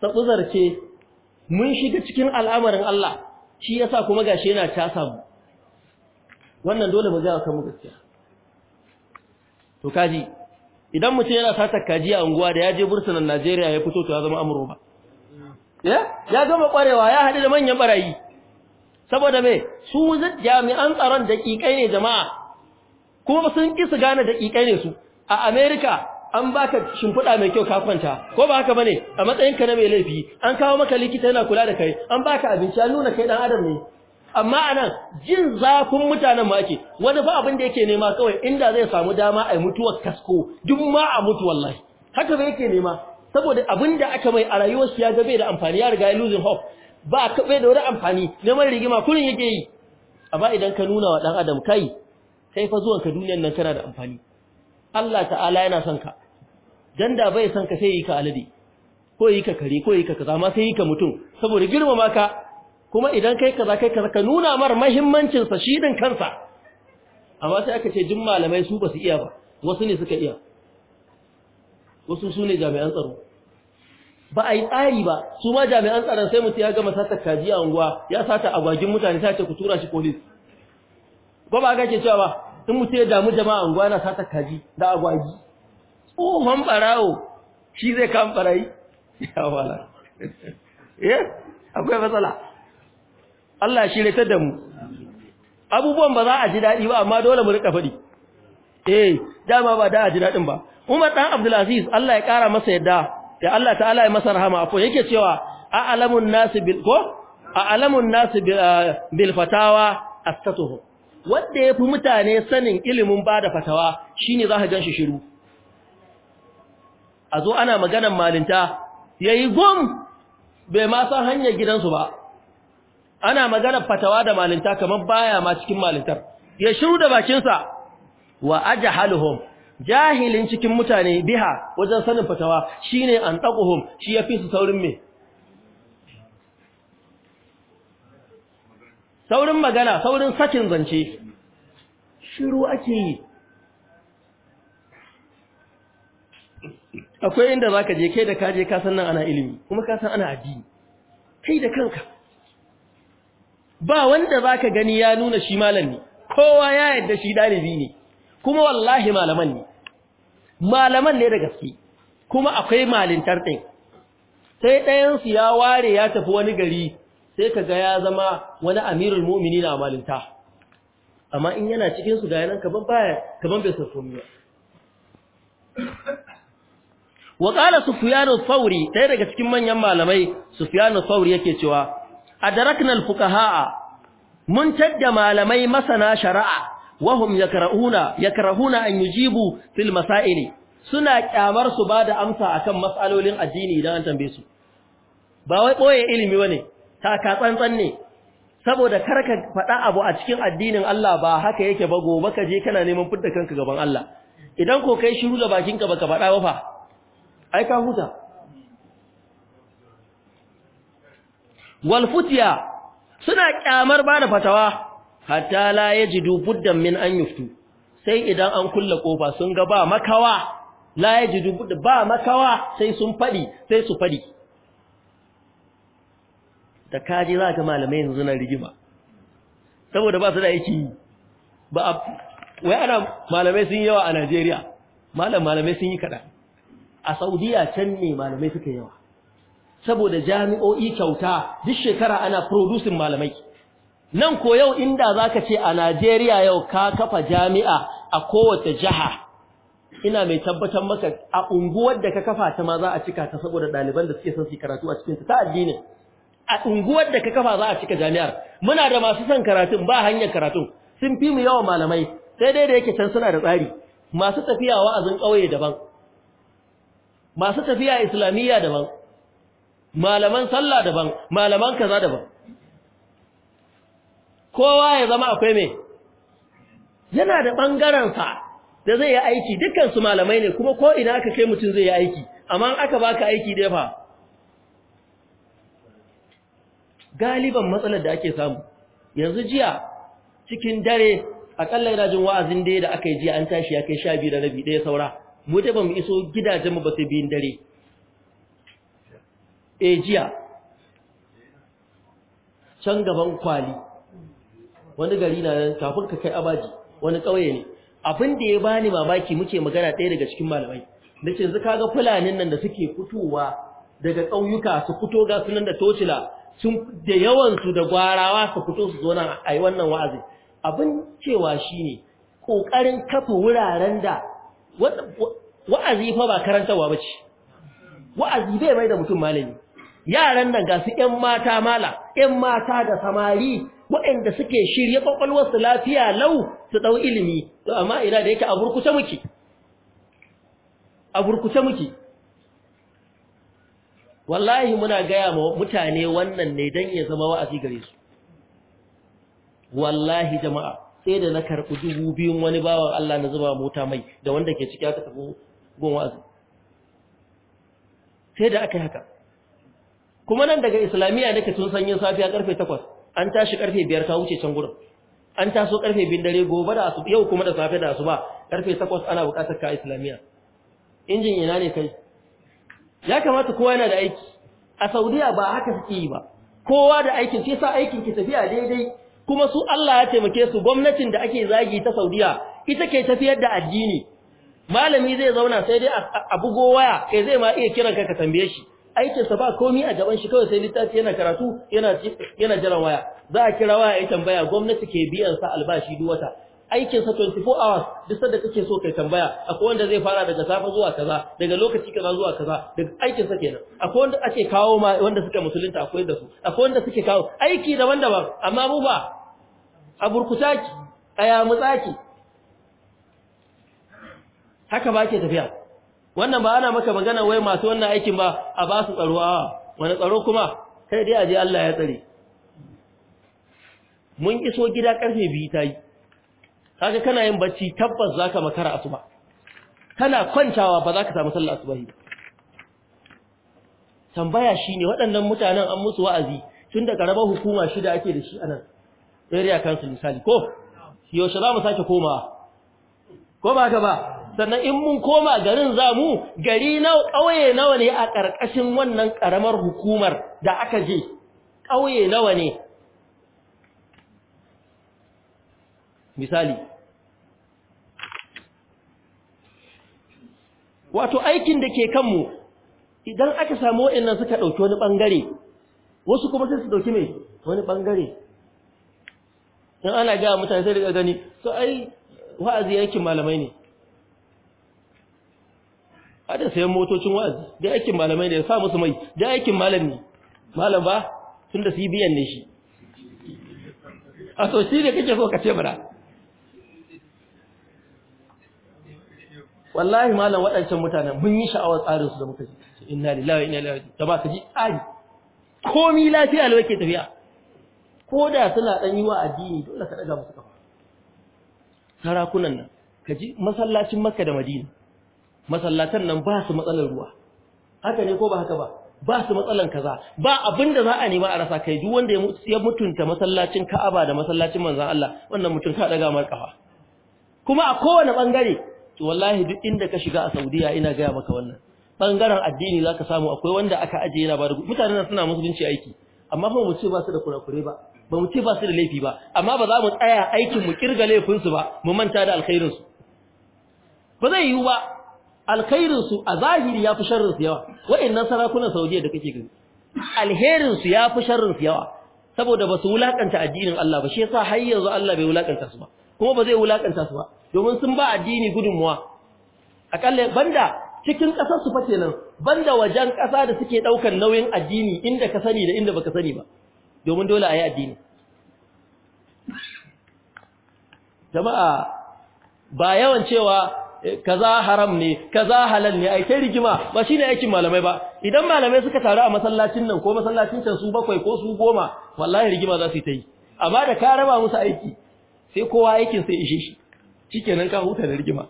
tsabuzarce mun shiga cikin al'amarin Allah shi yasa kuma gashi yana ta samu wannan dole mu gawa kanmu gaskiya to kaji idan mutum yana sata kaji a unguwa da ya je bursunan Najeriya ya fito to ya zama ba ya gama kwarewa ya haɗu da manyan barayi saboda me su jami'an tsaron daƙiƙai ne jama'a kuma sun kisa su gane daƙiƙai ne su a Amerika, an baka shimfiɗa mai kyau ka kwanta ko ba haka ba ne, a matsayin ka na mai laifi an kawo maka likita yana kula da kai an baka abinci an nuna kai dan adam ne amma anan jin zafin mutanen ma ake wani fa abin da yake nema kawai inda zai samu dama ai mutuwar kasko duk ma a mutu wallahi haka bai yake nema saboda abin da aka mai a rayuwar shi ya ga bai da amfani ya riga ya losing hope ba ka bai da wani amfani neman rigima kullun yake yi amma idan ka nuna wa ɗan adam kai kai fa zuwanka duniyar nan kana da amfani Allah ta'ala yana son ka Ganda bai son ka sai yi ka alade ko yi ka kare ko yi ka kaza ma sai yi ka mutum saboda girmama ka kuma idan kai kaza kai kaza ka nuna mar muhimmancin sa shi kansa amma sai aka ce jin malamai su ba su iya ba wasu ne suka iya wasu su ne jami'an tsaro ba a yi tsari ba su ma jami'an tsaron sai mutum ya gama sata kaji a unguwa ya sata agwagin mutane ta ce ku tura shi police ba ba ga ke cewa ba in mutum ya damu jama'a anguwa yana sata kaji da agwagi tsohon barawo shi zai kama barayi ya wala eh akwai matsala Allah shi retar da mu abubuwan ba za a ji daɗi ba amma dole mu rika faɗi eh dama ba da a ji daɗin ba Umar dan Abdulaziz Allah ya ƙara masa yadda ya Allah ta'ala ya masa rahama ko yake cewa a'lamun nasu bil ko a'lamun nasu eh, bil fatawa astatuhu wanda ya fi mutane sanin ilimin ba da fatawa shi ne za a jan shi shiru a zo ana maganan malinta ya yi gom bai masan hanyar gidansu ba ana maganar fatawa da malinta kamar baya ma cikin malintar ya shiru da bakinsa wa aja haluhum jahilin cikin mutane biha wajen sanin fatawa shine an ɗaƙuhum shi ya fi su saurin mai saurin magana saurin sakin zance shiru ake yi akwai inda za ka je kai da kaje ka nan ana ilimi kuma ka san ana addini kai da kanka ba wanda za ka gani ya nuna shi malam ne kowa ya yadda shi ɗalibi ne kuma wallahi malaman ne malaman ne da gaske kuma akwai malintar ɗin sai ɗayansu ya ware ya tafi wani gari sai ka ga ya zama wani amirul mu'mini na malinta amma in yana cikin su ga yanan bai san ba wa qala sufyan al-thawri daga cikin manyan malamai sufyan al yake cewa adarakna al-fuqaha mun tadda malamai masana shari'a wahum yakrahuna yakrahuna an yujibu fil masaili suna kyamar su da amsa akan masalolin addini idan an tambaye su ba wai boye ilimi bane taka tsantsan ne saboda karka faɗa abu a cikin addinin Allah ba haka yake ba gobe ka je kana neman fidda kanka gaban Allah idan ko kai shiru da bakinka baka faɗa ba fa ai ka huta wal futiya suna kyamar ba da fatawa hatta la yajidu buddan min an yuftu sai idan an kulle kofa sun ga ba makawa la yajidu budda ba makawa sai sun fadi sai su fadi da kaji za ka malamai yanzu na rigima saboda ba su da aiki ba a wai ana malamai sun yawa a Najeriya malam malamai sun yi kaɗan a Saudiya can ne malamai suka yawa saboda jami'o'i kyauta duk shekara ana producing malamai nan ko yau inda zaka ce a Najeriya yau ka kafa jami'a a kowace jiha ina mai tabbatar maka a unguwar da ka kafa ta ma za a cika ta saboda ɗaliban da suke son su karatu a cikin ta addini a unguwar da ka kafa za a cika jami'ar muna da masu son karatun ba hanyar karatu, sun fi mu yawa malamai sai dai da yake can suna da tsari masu tafiya wa'azin ƙauye daban masu tafiya islamiyya daban malaman sallah daban malaman kaza daban kowa ya zama akwai me yana da bangaren sa da zai yi aiki dukkan su malamai ne kuma ko ina aka kai mutun zai yi aiki amma aka baka aiki da fa galiban matsalar da ake samu yanzu jiya cikin dare akalla ina jin wa'azin da da aka yi jiya an tashi ya kai 12 da rabi ɗaya saura mu da bamu iso gidajen mu ba sai biyin dare E, jiya can gaban kwali wani gari na nan kafin ka kai abaji wani ƙauye ne abin da ya bani mamaki muke magana ɗaya daga cikin malamai nace yanzu kaga fulanin nan da suke fitowa daga ƙauyuka su fito ga sunan da tocila sun da yawansu da gwarawa su fito su zo nan a wannan wa'azi abin cewa shi ne ƙoƙarin kafa wuraren da wa'azi fa ba karantarwa ba ce wa'azi bai mai da mutum malami yaran nan ga su ‘yan mata mala ‘yan mata da samari waɗanda suke shirya su lafiya lau su ɗau ilimi amma ina da yake a burkuce muke a burkuce muke wallahi muna gaya ma mutane wannan ne dan ya zama wa'azi gare su wallahi jama'a sai da na karɓi dubu biyun wani bawan Allah na zuba mota mai da wanda ke ciki aka tafi gon wa'azi sai da aka yi haka kuma nan daga islamiyya nake tun sanyin safiya karfe takwas an tashi karfe biyar ta wuce can gurin an taso karfe 2 dare gobe da asuba yau kuma da safe da asuba karfe takwas ana buƙatar ka islamiyya injin ina ne kai ya kamata kowa yana da aiki a saudiya ba haka suke yi ba kowa da aikin shi sa aikin ki tafiya daidai kuma su Allah ya taimake su gwamnatin da ake zagi ta saudiya ita ke tafiyar da addini malami zai zauna sai dai a bugo waya kai zai ma iya kiran ka tambaye shi aikinsa ba komai a gaban shi kawai sai littafi yana karatu yana jiran waya za a kira waya ya tambaya gwamnati ke biyan sa albashi duk wata aikin sa 24 hours duk sanda kake so kai tambaya akwai wanda zai fara daga safa zuwa kaza daga lokaci kaza zuwa kaza daga aikin sa kenan akwai wanda ake kawo ma wanda suka musulunta akwai da su akwai wanda suke kawo aiki daban-daban amma mu ba a burkutaki a yamutsaki haka ba ke tafiya wannan ba ana maka magana wai masu wannan aikin ba a ba su tsaro a wani tsaro kuma kai dai aje Allah ya tsare mun iso gida karfe biyu ta yi kaga kana yin bacci tabbas zaka makara asuba kana kwantawa ba zaka samu sallar ba tambaya shine waɗannan mutanen an musu wa'azi tun daga rabar hukuma shida ake da shi anan area council misali ko yaushe za mu sake komawa ko ba ka ba sannan in mun koma garin zamu gari na ƙauye nawa ne a ƙarƙashin wannan karamar hukumar da aka je ƙauye nawa ne misali wato aikin da ke kanmu idan aka samu waɗannan suka ɗauki wani ɓangare wasu kuma sai su ɗauki mai wani ɓangare in ana gaya mutane sai daga gani to ai wa'azi aikin malamai ne a da sayan motocin wa'azi da aikin malamai ne sa musu mai da aikin malami, malam ba tun da biyan ne shi a so shi ne kake so ka ce mana wallahi malam waɗancan mutanen mun yi sha'awar tsarin su da muka ji inna lillahi wa inna ilaihi raji'un da ba ka ji tsari komi lafiya lawa ke tafiya ko da suna dan yi wa addini dole ka daga musu kafa sarakunan nan ka ji masallacin Makka da Madina masallatan nan ba su matsalar ruwa haka ne ko ba haka ba ba su matsalan kaza ba abinda za a nema a rasa kai duk wanda ya mutunta masallacin Ka'aba da masallacin manzon Allah wannan mutum ka daga mar kafa kuma a kowane bangare to wallahi duk inda ka shiga a Saudiya ina gaya maka wannan bangaren addini zaka samu akwai wanda aka aje yana ba da mutanen suna musulunci aiki amma fa mu ce ba su da kurakure ba ba mu ce ba su da laifi ba amma ba za mu tsaya aikin mu kirga laifin su ba mu manta da alkhairin su ba zai yiwu ba alkhairin su a zahiri yafi sharrin su yawa wayannan sarakunan Saudiya da kake gani alherin su yafi sharrin su yawa saboda ba su wulakanta addinin Allah ba shi yasa har yanzu Allah bai wulakanta su ba kuma ba zai wulakanta su ba domin sun ba addini gudunmuwa ban banda cikin kasar su nan, nan banda wajen kasa da suke daukan nauyin addini inda ka sani da inda baka sani ba domin dole a yi addini jama'a ba yawan cewa eh, kaza haram ne kaza halal ne ai sai rigima ba shine aikin malamai ba idan malamai suka taru a masallacin nan ko masallacin can su bakwai ko su goma wallahi rigima za su yi ta yi amma da ka raba musu aiki sai kowa aikin sai ishe shi shikenan ka huta da rigima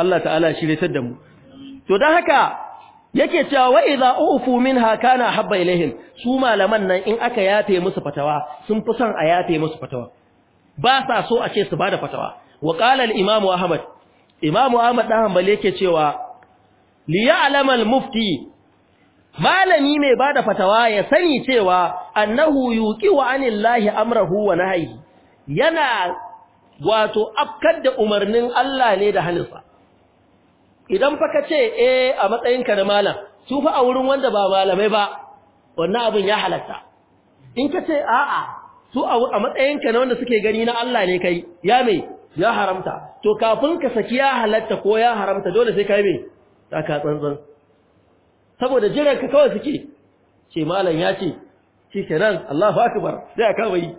Allah ta'ala shiryatar da mu to dan haka yake cewa wa idza ufu minha kana habba ilaihim su malaman nan in aka yafe musu fatawa sun fi son a yafe musu fatawa ba sa so a ce su bada fatawa wa qala al imam ahmad imam ahmad dan hanbali yake cewa li ya'lama al mufti malami mai bada fatawa ya sani cewa annahu yuqi wa anillahi amrahu wa nahyi yana wato afkar da umarnin Allah ne da hannunsa. idan fa ka ce eh a matsayinka na malam su a wurin wanda ba malamai ba wannan abin ya halatta in ka ce a'a su a matsayinka na wanda suke gani na Allah ne kai ya me ya haramta to kafin ka saki ya halatta ko ya haramta dole sai kai me ta ka tsantsan saboda jiran ka kawai suke ce malam ya ce shi kenan Allahu akbar sai aka bai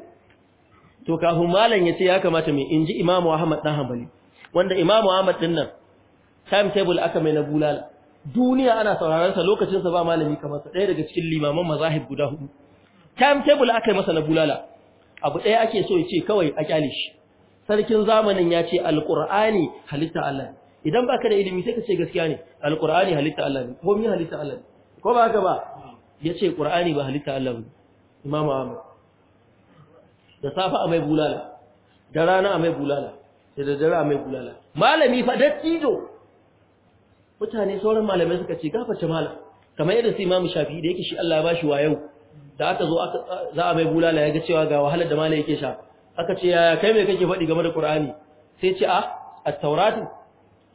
to kafin malam ya ce ya kamata mai inji Imam ahmad dan hanbali wanda Imam ahmad din nan timetable aka mai na bulala duniya ana sauraron sa lokacin sa ba malami kamar sa ɗaya daga cikin limaman mazahib guda hudu timetable aka yi masa na bulala abu ɗaya ake so ya ce kawai a kyale shi sarkin zamanin ya ce alqur'ani halitta Allah idan baka da ilimi sai ka ce gaskiya ne alqur'ani halitta Allah ne ko mi halitta Allah ne ko ba haka ba yace qur'ani ba halitta Allah ne Imam ahmad da safa a mai bulala da rana a mai bulala da daddare a mai bulala malami fa tijo mutane sauran malamai suka ce gafarta malam kamar yadda sai imamu shafi da yake shi Allah ya bashi yau. da aka zo za a mai bulala ya ga cewa ga wahalar da malai yake sha aka ce ya kai me kake faɗi game da Qur'ani sai ce a ah, at-taurat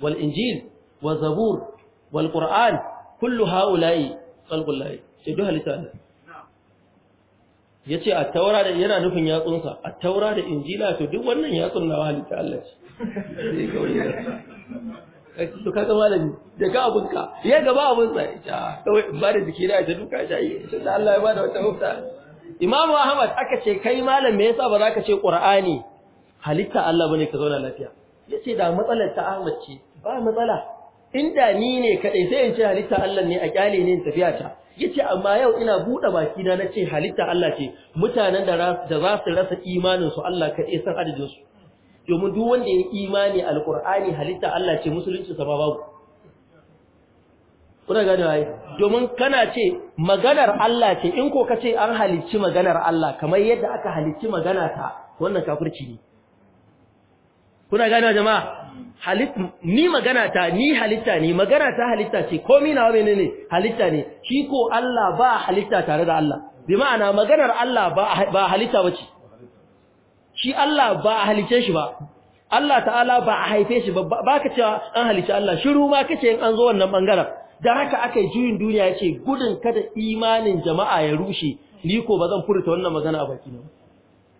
wal injil wa zabur wal qur'an kullu ha'ula'i khalqullah sai duk Allah ya ce a taura da yana nufin yatsunsa a taura da injila to duk wannan yatsun na halitta Allah ce to ka ga malami da ka abunka ya gaba abunsa ya ba da jiki da ta duka shi sai da Allah ya bada wata hufta Imam Ahmad aka ce kai malam me yasa ba za ka ce Qur'ani halitta Allah bane ka zauna lafiya yace da matsalar ta Ahmad ce ba matsala inda ni ne kadai sai in ce halitta Allah ne a kyale ne in tafiya ta yace amma yau ina bude baki na nace halitta Allah ce mutanen da da za su rasa imanin su Allah kaɗai san adadin su domin duk wanda ya imani alqur'ani halitta Allah ce musulunci sa ba babu kuna gane wai domin kana ce maganar Allah ce in ko kace an halicci maganar Allah kamar yadda aka halicci magana ta wannan kafirci ne kuna gane jama'a halitta ni magana ta ni halitta ne magana ta halitta ce komai nawa menene halitta ne shi ko Allah ba halitta tare da Allah bi ma'ana maganar Allah ba halitta bace shi Allah ba halice shi ba Allah ta'ala ba haife shi ba ka cewa an halice Allah shiru ma kace in an zo wannan bangaren dan haka akai juyin duniya yace gudun kada imanin jama'a ya rushe ni ko bazan furta wannan magana a baki ba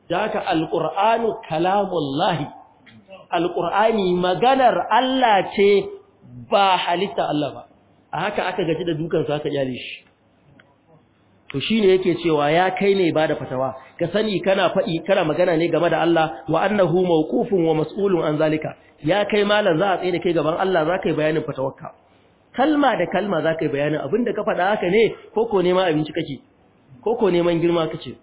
dan haka alqur'anu kalamullahi Alƙur'ani, maganar Allah ce ba halitta Allah ba a haka aka gaji da dukansu aka yale shi to shine yake cewa ya kai ne ba da fatawa ka sani kana faɗi kana magana ne game da Allah wa annahu mawqufun wa mas'ulun an zalika ya kai malam za a tsaye da kai gaban Allah za ka yi bayanin fatawarka kalma da kalma za ka yi bayanin abinda ka faɗa haka ne ko ko ma abinci kake ko ko neman girma kace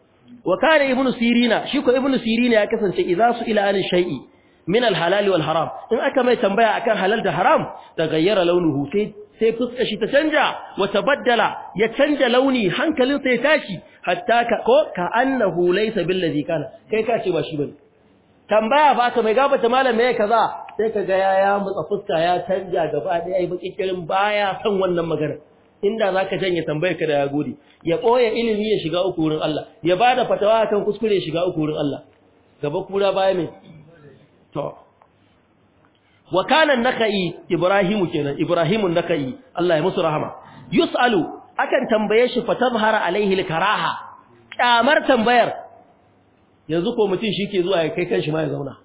wa kana ibnu sirina shi ko ibnu sirina ya kasance idza su ila an shay'i min al wal haram in aka mai tambaya akan halal da haram tagayyara launuhu sai sai fuskar shi ta canza wata tabaddala ya canza launi hankalin sai tashi hatta ka ko ka annahu laysa billazi kana kai ka ce ba shi bane tambaya ba ka mai gabata malam me kaza sai ka ga ya mutsa fuska ya canja gaba daya ai bakikirin baya san wannan magana inda zaka janye tambayar ka da ya gode ya ɓoye ilimi ya shiga uku wurin Allah ya bada fatawa kan kuskure shiga uku wurin Allah gaba kura baya mai to wa kana nakai ibrahimu kenan ibrahimu nakai Allah ya musu rahama yusalu akan tambaye shi fatabhara alaihi Likaraha, ƙyamar tambayar yanzu ko mutum shi ke zuwa ya kai kanshi ma ya zauna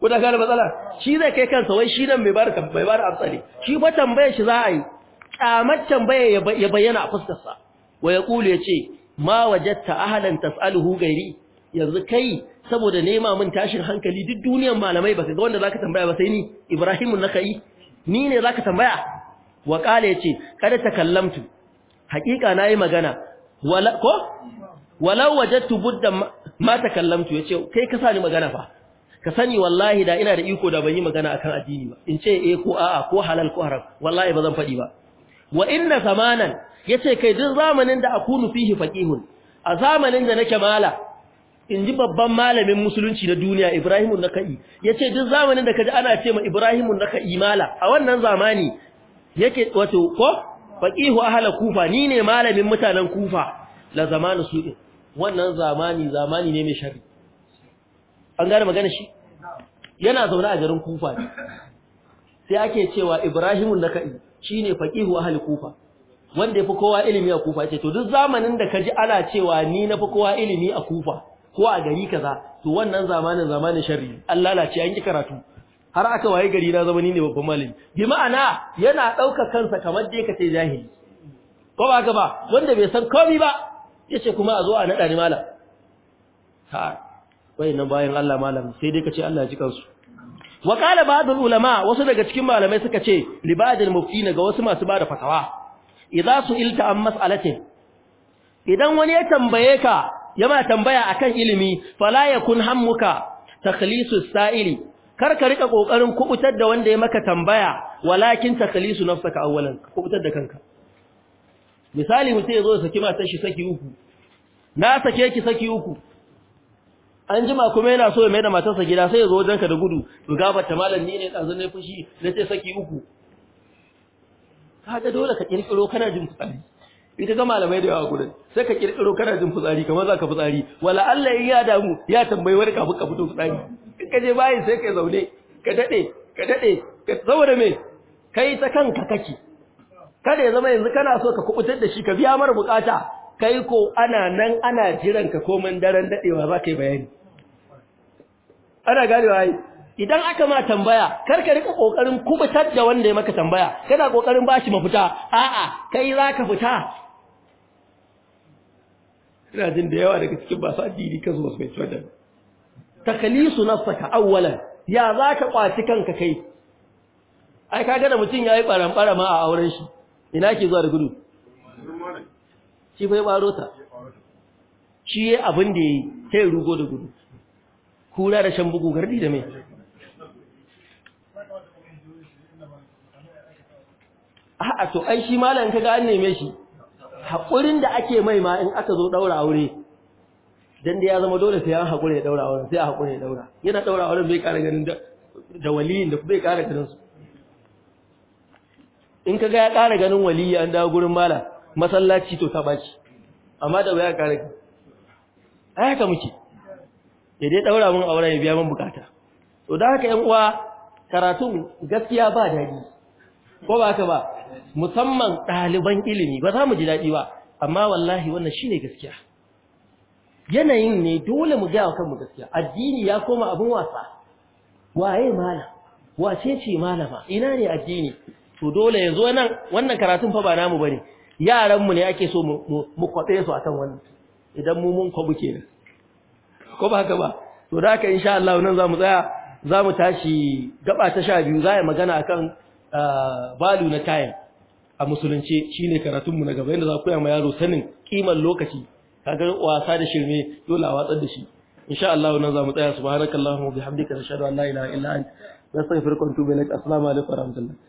ko da gane matsala shi zai kai kansa wai shi nan mai barka mai bar amsali shi ba tambaye shi za a yi kyamar tambayar ya bayyana a fuskar sa wa ya kulu yace ma wajadta ahlan tasaluhu gairi yanzu kai saboda nema min tashin hankali duk duniyar malamai Baka ga wanda zaka tambaya ba sai ni Ibrahim nakai ni ne zaka tambaya wa kale yace kada takallamtu hakika nayi magana wala ko walau wajadtu budda ma takallamtu yace kai ka sani magana fa ka sani wallahi da ina da iko da ban yi magana akan addini ba in ce eh ko a'a ko halal ko haram wallahi ba zan faɗi ba wa inna zamanan yace kai duk zamanin da akunu fihi faqihun a zamanin da nake mala in ji babban malamin musulunci na duniya ibrahimun naka'i ya ce duk zamanin da kaji ana ce ma ibrahimun naka'i mala a wannan zamani yake wato ko faqihu ahla kufa ni ne malamin mutanen kufa la su su'in wannan zamani zamani ne mai sharri an gane magana shi yana zaune a garin kufa ne sai ake cewa ibrahimun naka'i shine faqihu ahli kufa wanda yafi kowa ilimi a kufa ce to duk zamanin da kaji ana cewa ni na fi kowa ilimi a kufa ko a gari kaza to wannan zamanin zamanin sharri an lalace an ki karatu har aka waye gari na zama ni ne babban malami bi ma'ana yana ɗauka kansa kamar dai ka ce jahili ko ba ka ba wanda bai san komai ba yace kuma a zo a naɗa ni malam ha wai nan bayan Allah malam sai dai ka ce Allah ya ji kansu wa qala ba'd ulama wasu daga cikin malamai suka ce li ba'd muftina ga wasu masu bada fatawa idza su'ilta an mas'alatin idan wani ya tambaye ka yana tambaya akan ilimi fala yakun hammuka takhlisus sa'ili kar ka rika kokarin kubutar da wanda ya maka tambaya walakin takhlisu nafsaka awwalan kubutar da kanka misali mutum ya zo saki matar shi saki uku na sake ki saki uku an jima kuma yana so ya mai da matarsa gida sai ya zo wajenka da gudu to ta malam ni ne dan ne fushi na ce saki uku kaga dole ka kirkiro kana jin fitsari Ita ga malamai da yawa gurin sai ka kirkiro kana jin fitsari kamar za ka fitsari wala Allah in ya damu ya tambayi wani kafin ka fito fitsari in ka je bayin sai ka zaune ka dade ka dade ka saboda me kai ta kanka kake kada ya zama yanzu kana so ka kubutar da shi ka biya mara bukata kai ko ana nan ana jiran ka komai daren dadewa za ka yi bayani ana ganewa ai idan aka ma tambaya kar ka rika kokarin kubutar da wanda ya maka tambaya kana kokarin bashi mafita a'a kai za ka fita ina jin da yawa daga cikin basu addini kansu ba su mai cutar takalisu nafsaka awwalan ya za ka kwaci kanka kai ai ka gada mutum ya yi ɓaramɓara ma a auren shi ina ke zuwa da gudu shi bai ɓaro ta shi ya abin da ya yi ta yi rugo da gudu kura da shan bugu gardi da mai a'a to ai shi malam ka ga an neme shi haƙurin da ake mai ma in aka zo ɗaura aure don da ya zama dole sai an haƙura ya ɗaura auren sai a haƙura ya ɗaura yana ɗaura auren bai ƙara ganin da waliyin da bai ƙara ganin su in ka ga ya ƙara ganin waliyi an dawo gurin mala masallaci to ta baci amma da ya ƙara ganin ai haka muke ya dai ɗaura mun auren ya biya mun bukata to da haka 'yan uwa karatun gaskiya ba daɗi ko ba ka ba musamman ɗaliban ilimi ba za mu ji daɗi ba amma wallahi wannan shi ne gaskiya yanayin ne dole mu gaya wa kanmu gaskiya addini ya koma abin wasa waye malam wace ce malama ina ne addini to dole yanzu nan wannan karatun fa ba namu bane yaran mu ne ake so mu kwabe su akan wannan idan mu mun kwabu kenan ko ba haka ba to da haka insha Allah nan zamu tsaya zamu tashi gaba ta 12 za a magana akan value na time a musulunci shine karatunmu na gaba yadda za ku ma yaro sanin kimar lokaci kaga wasa da shirme dole a watsar da shi insha Allah nan za mu tsaya subhanakallahumma bihamdika ashhadu an la ilaha illa anta nastaghfiruka wa atubu ilaik assalamu alaikum wa rahmatullahi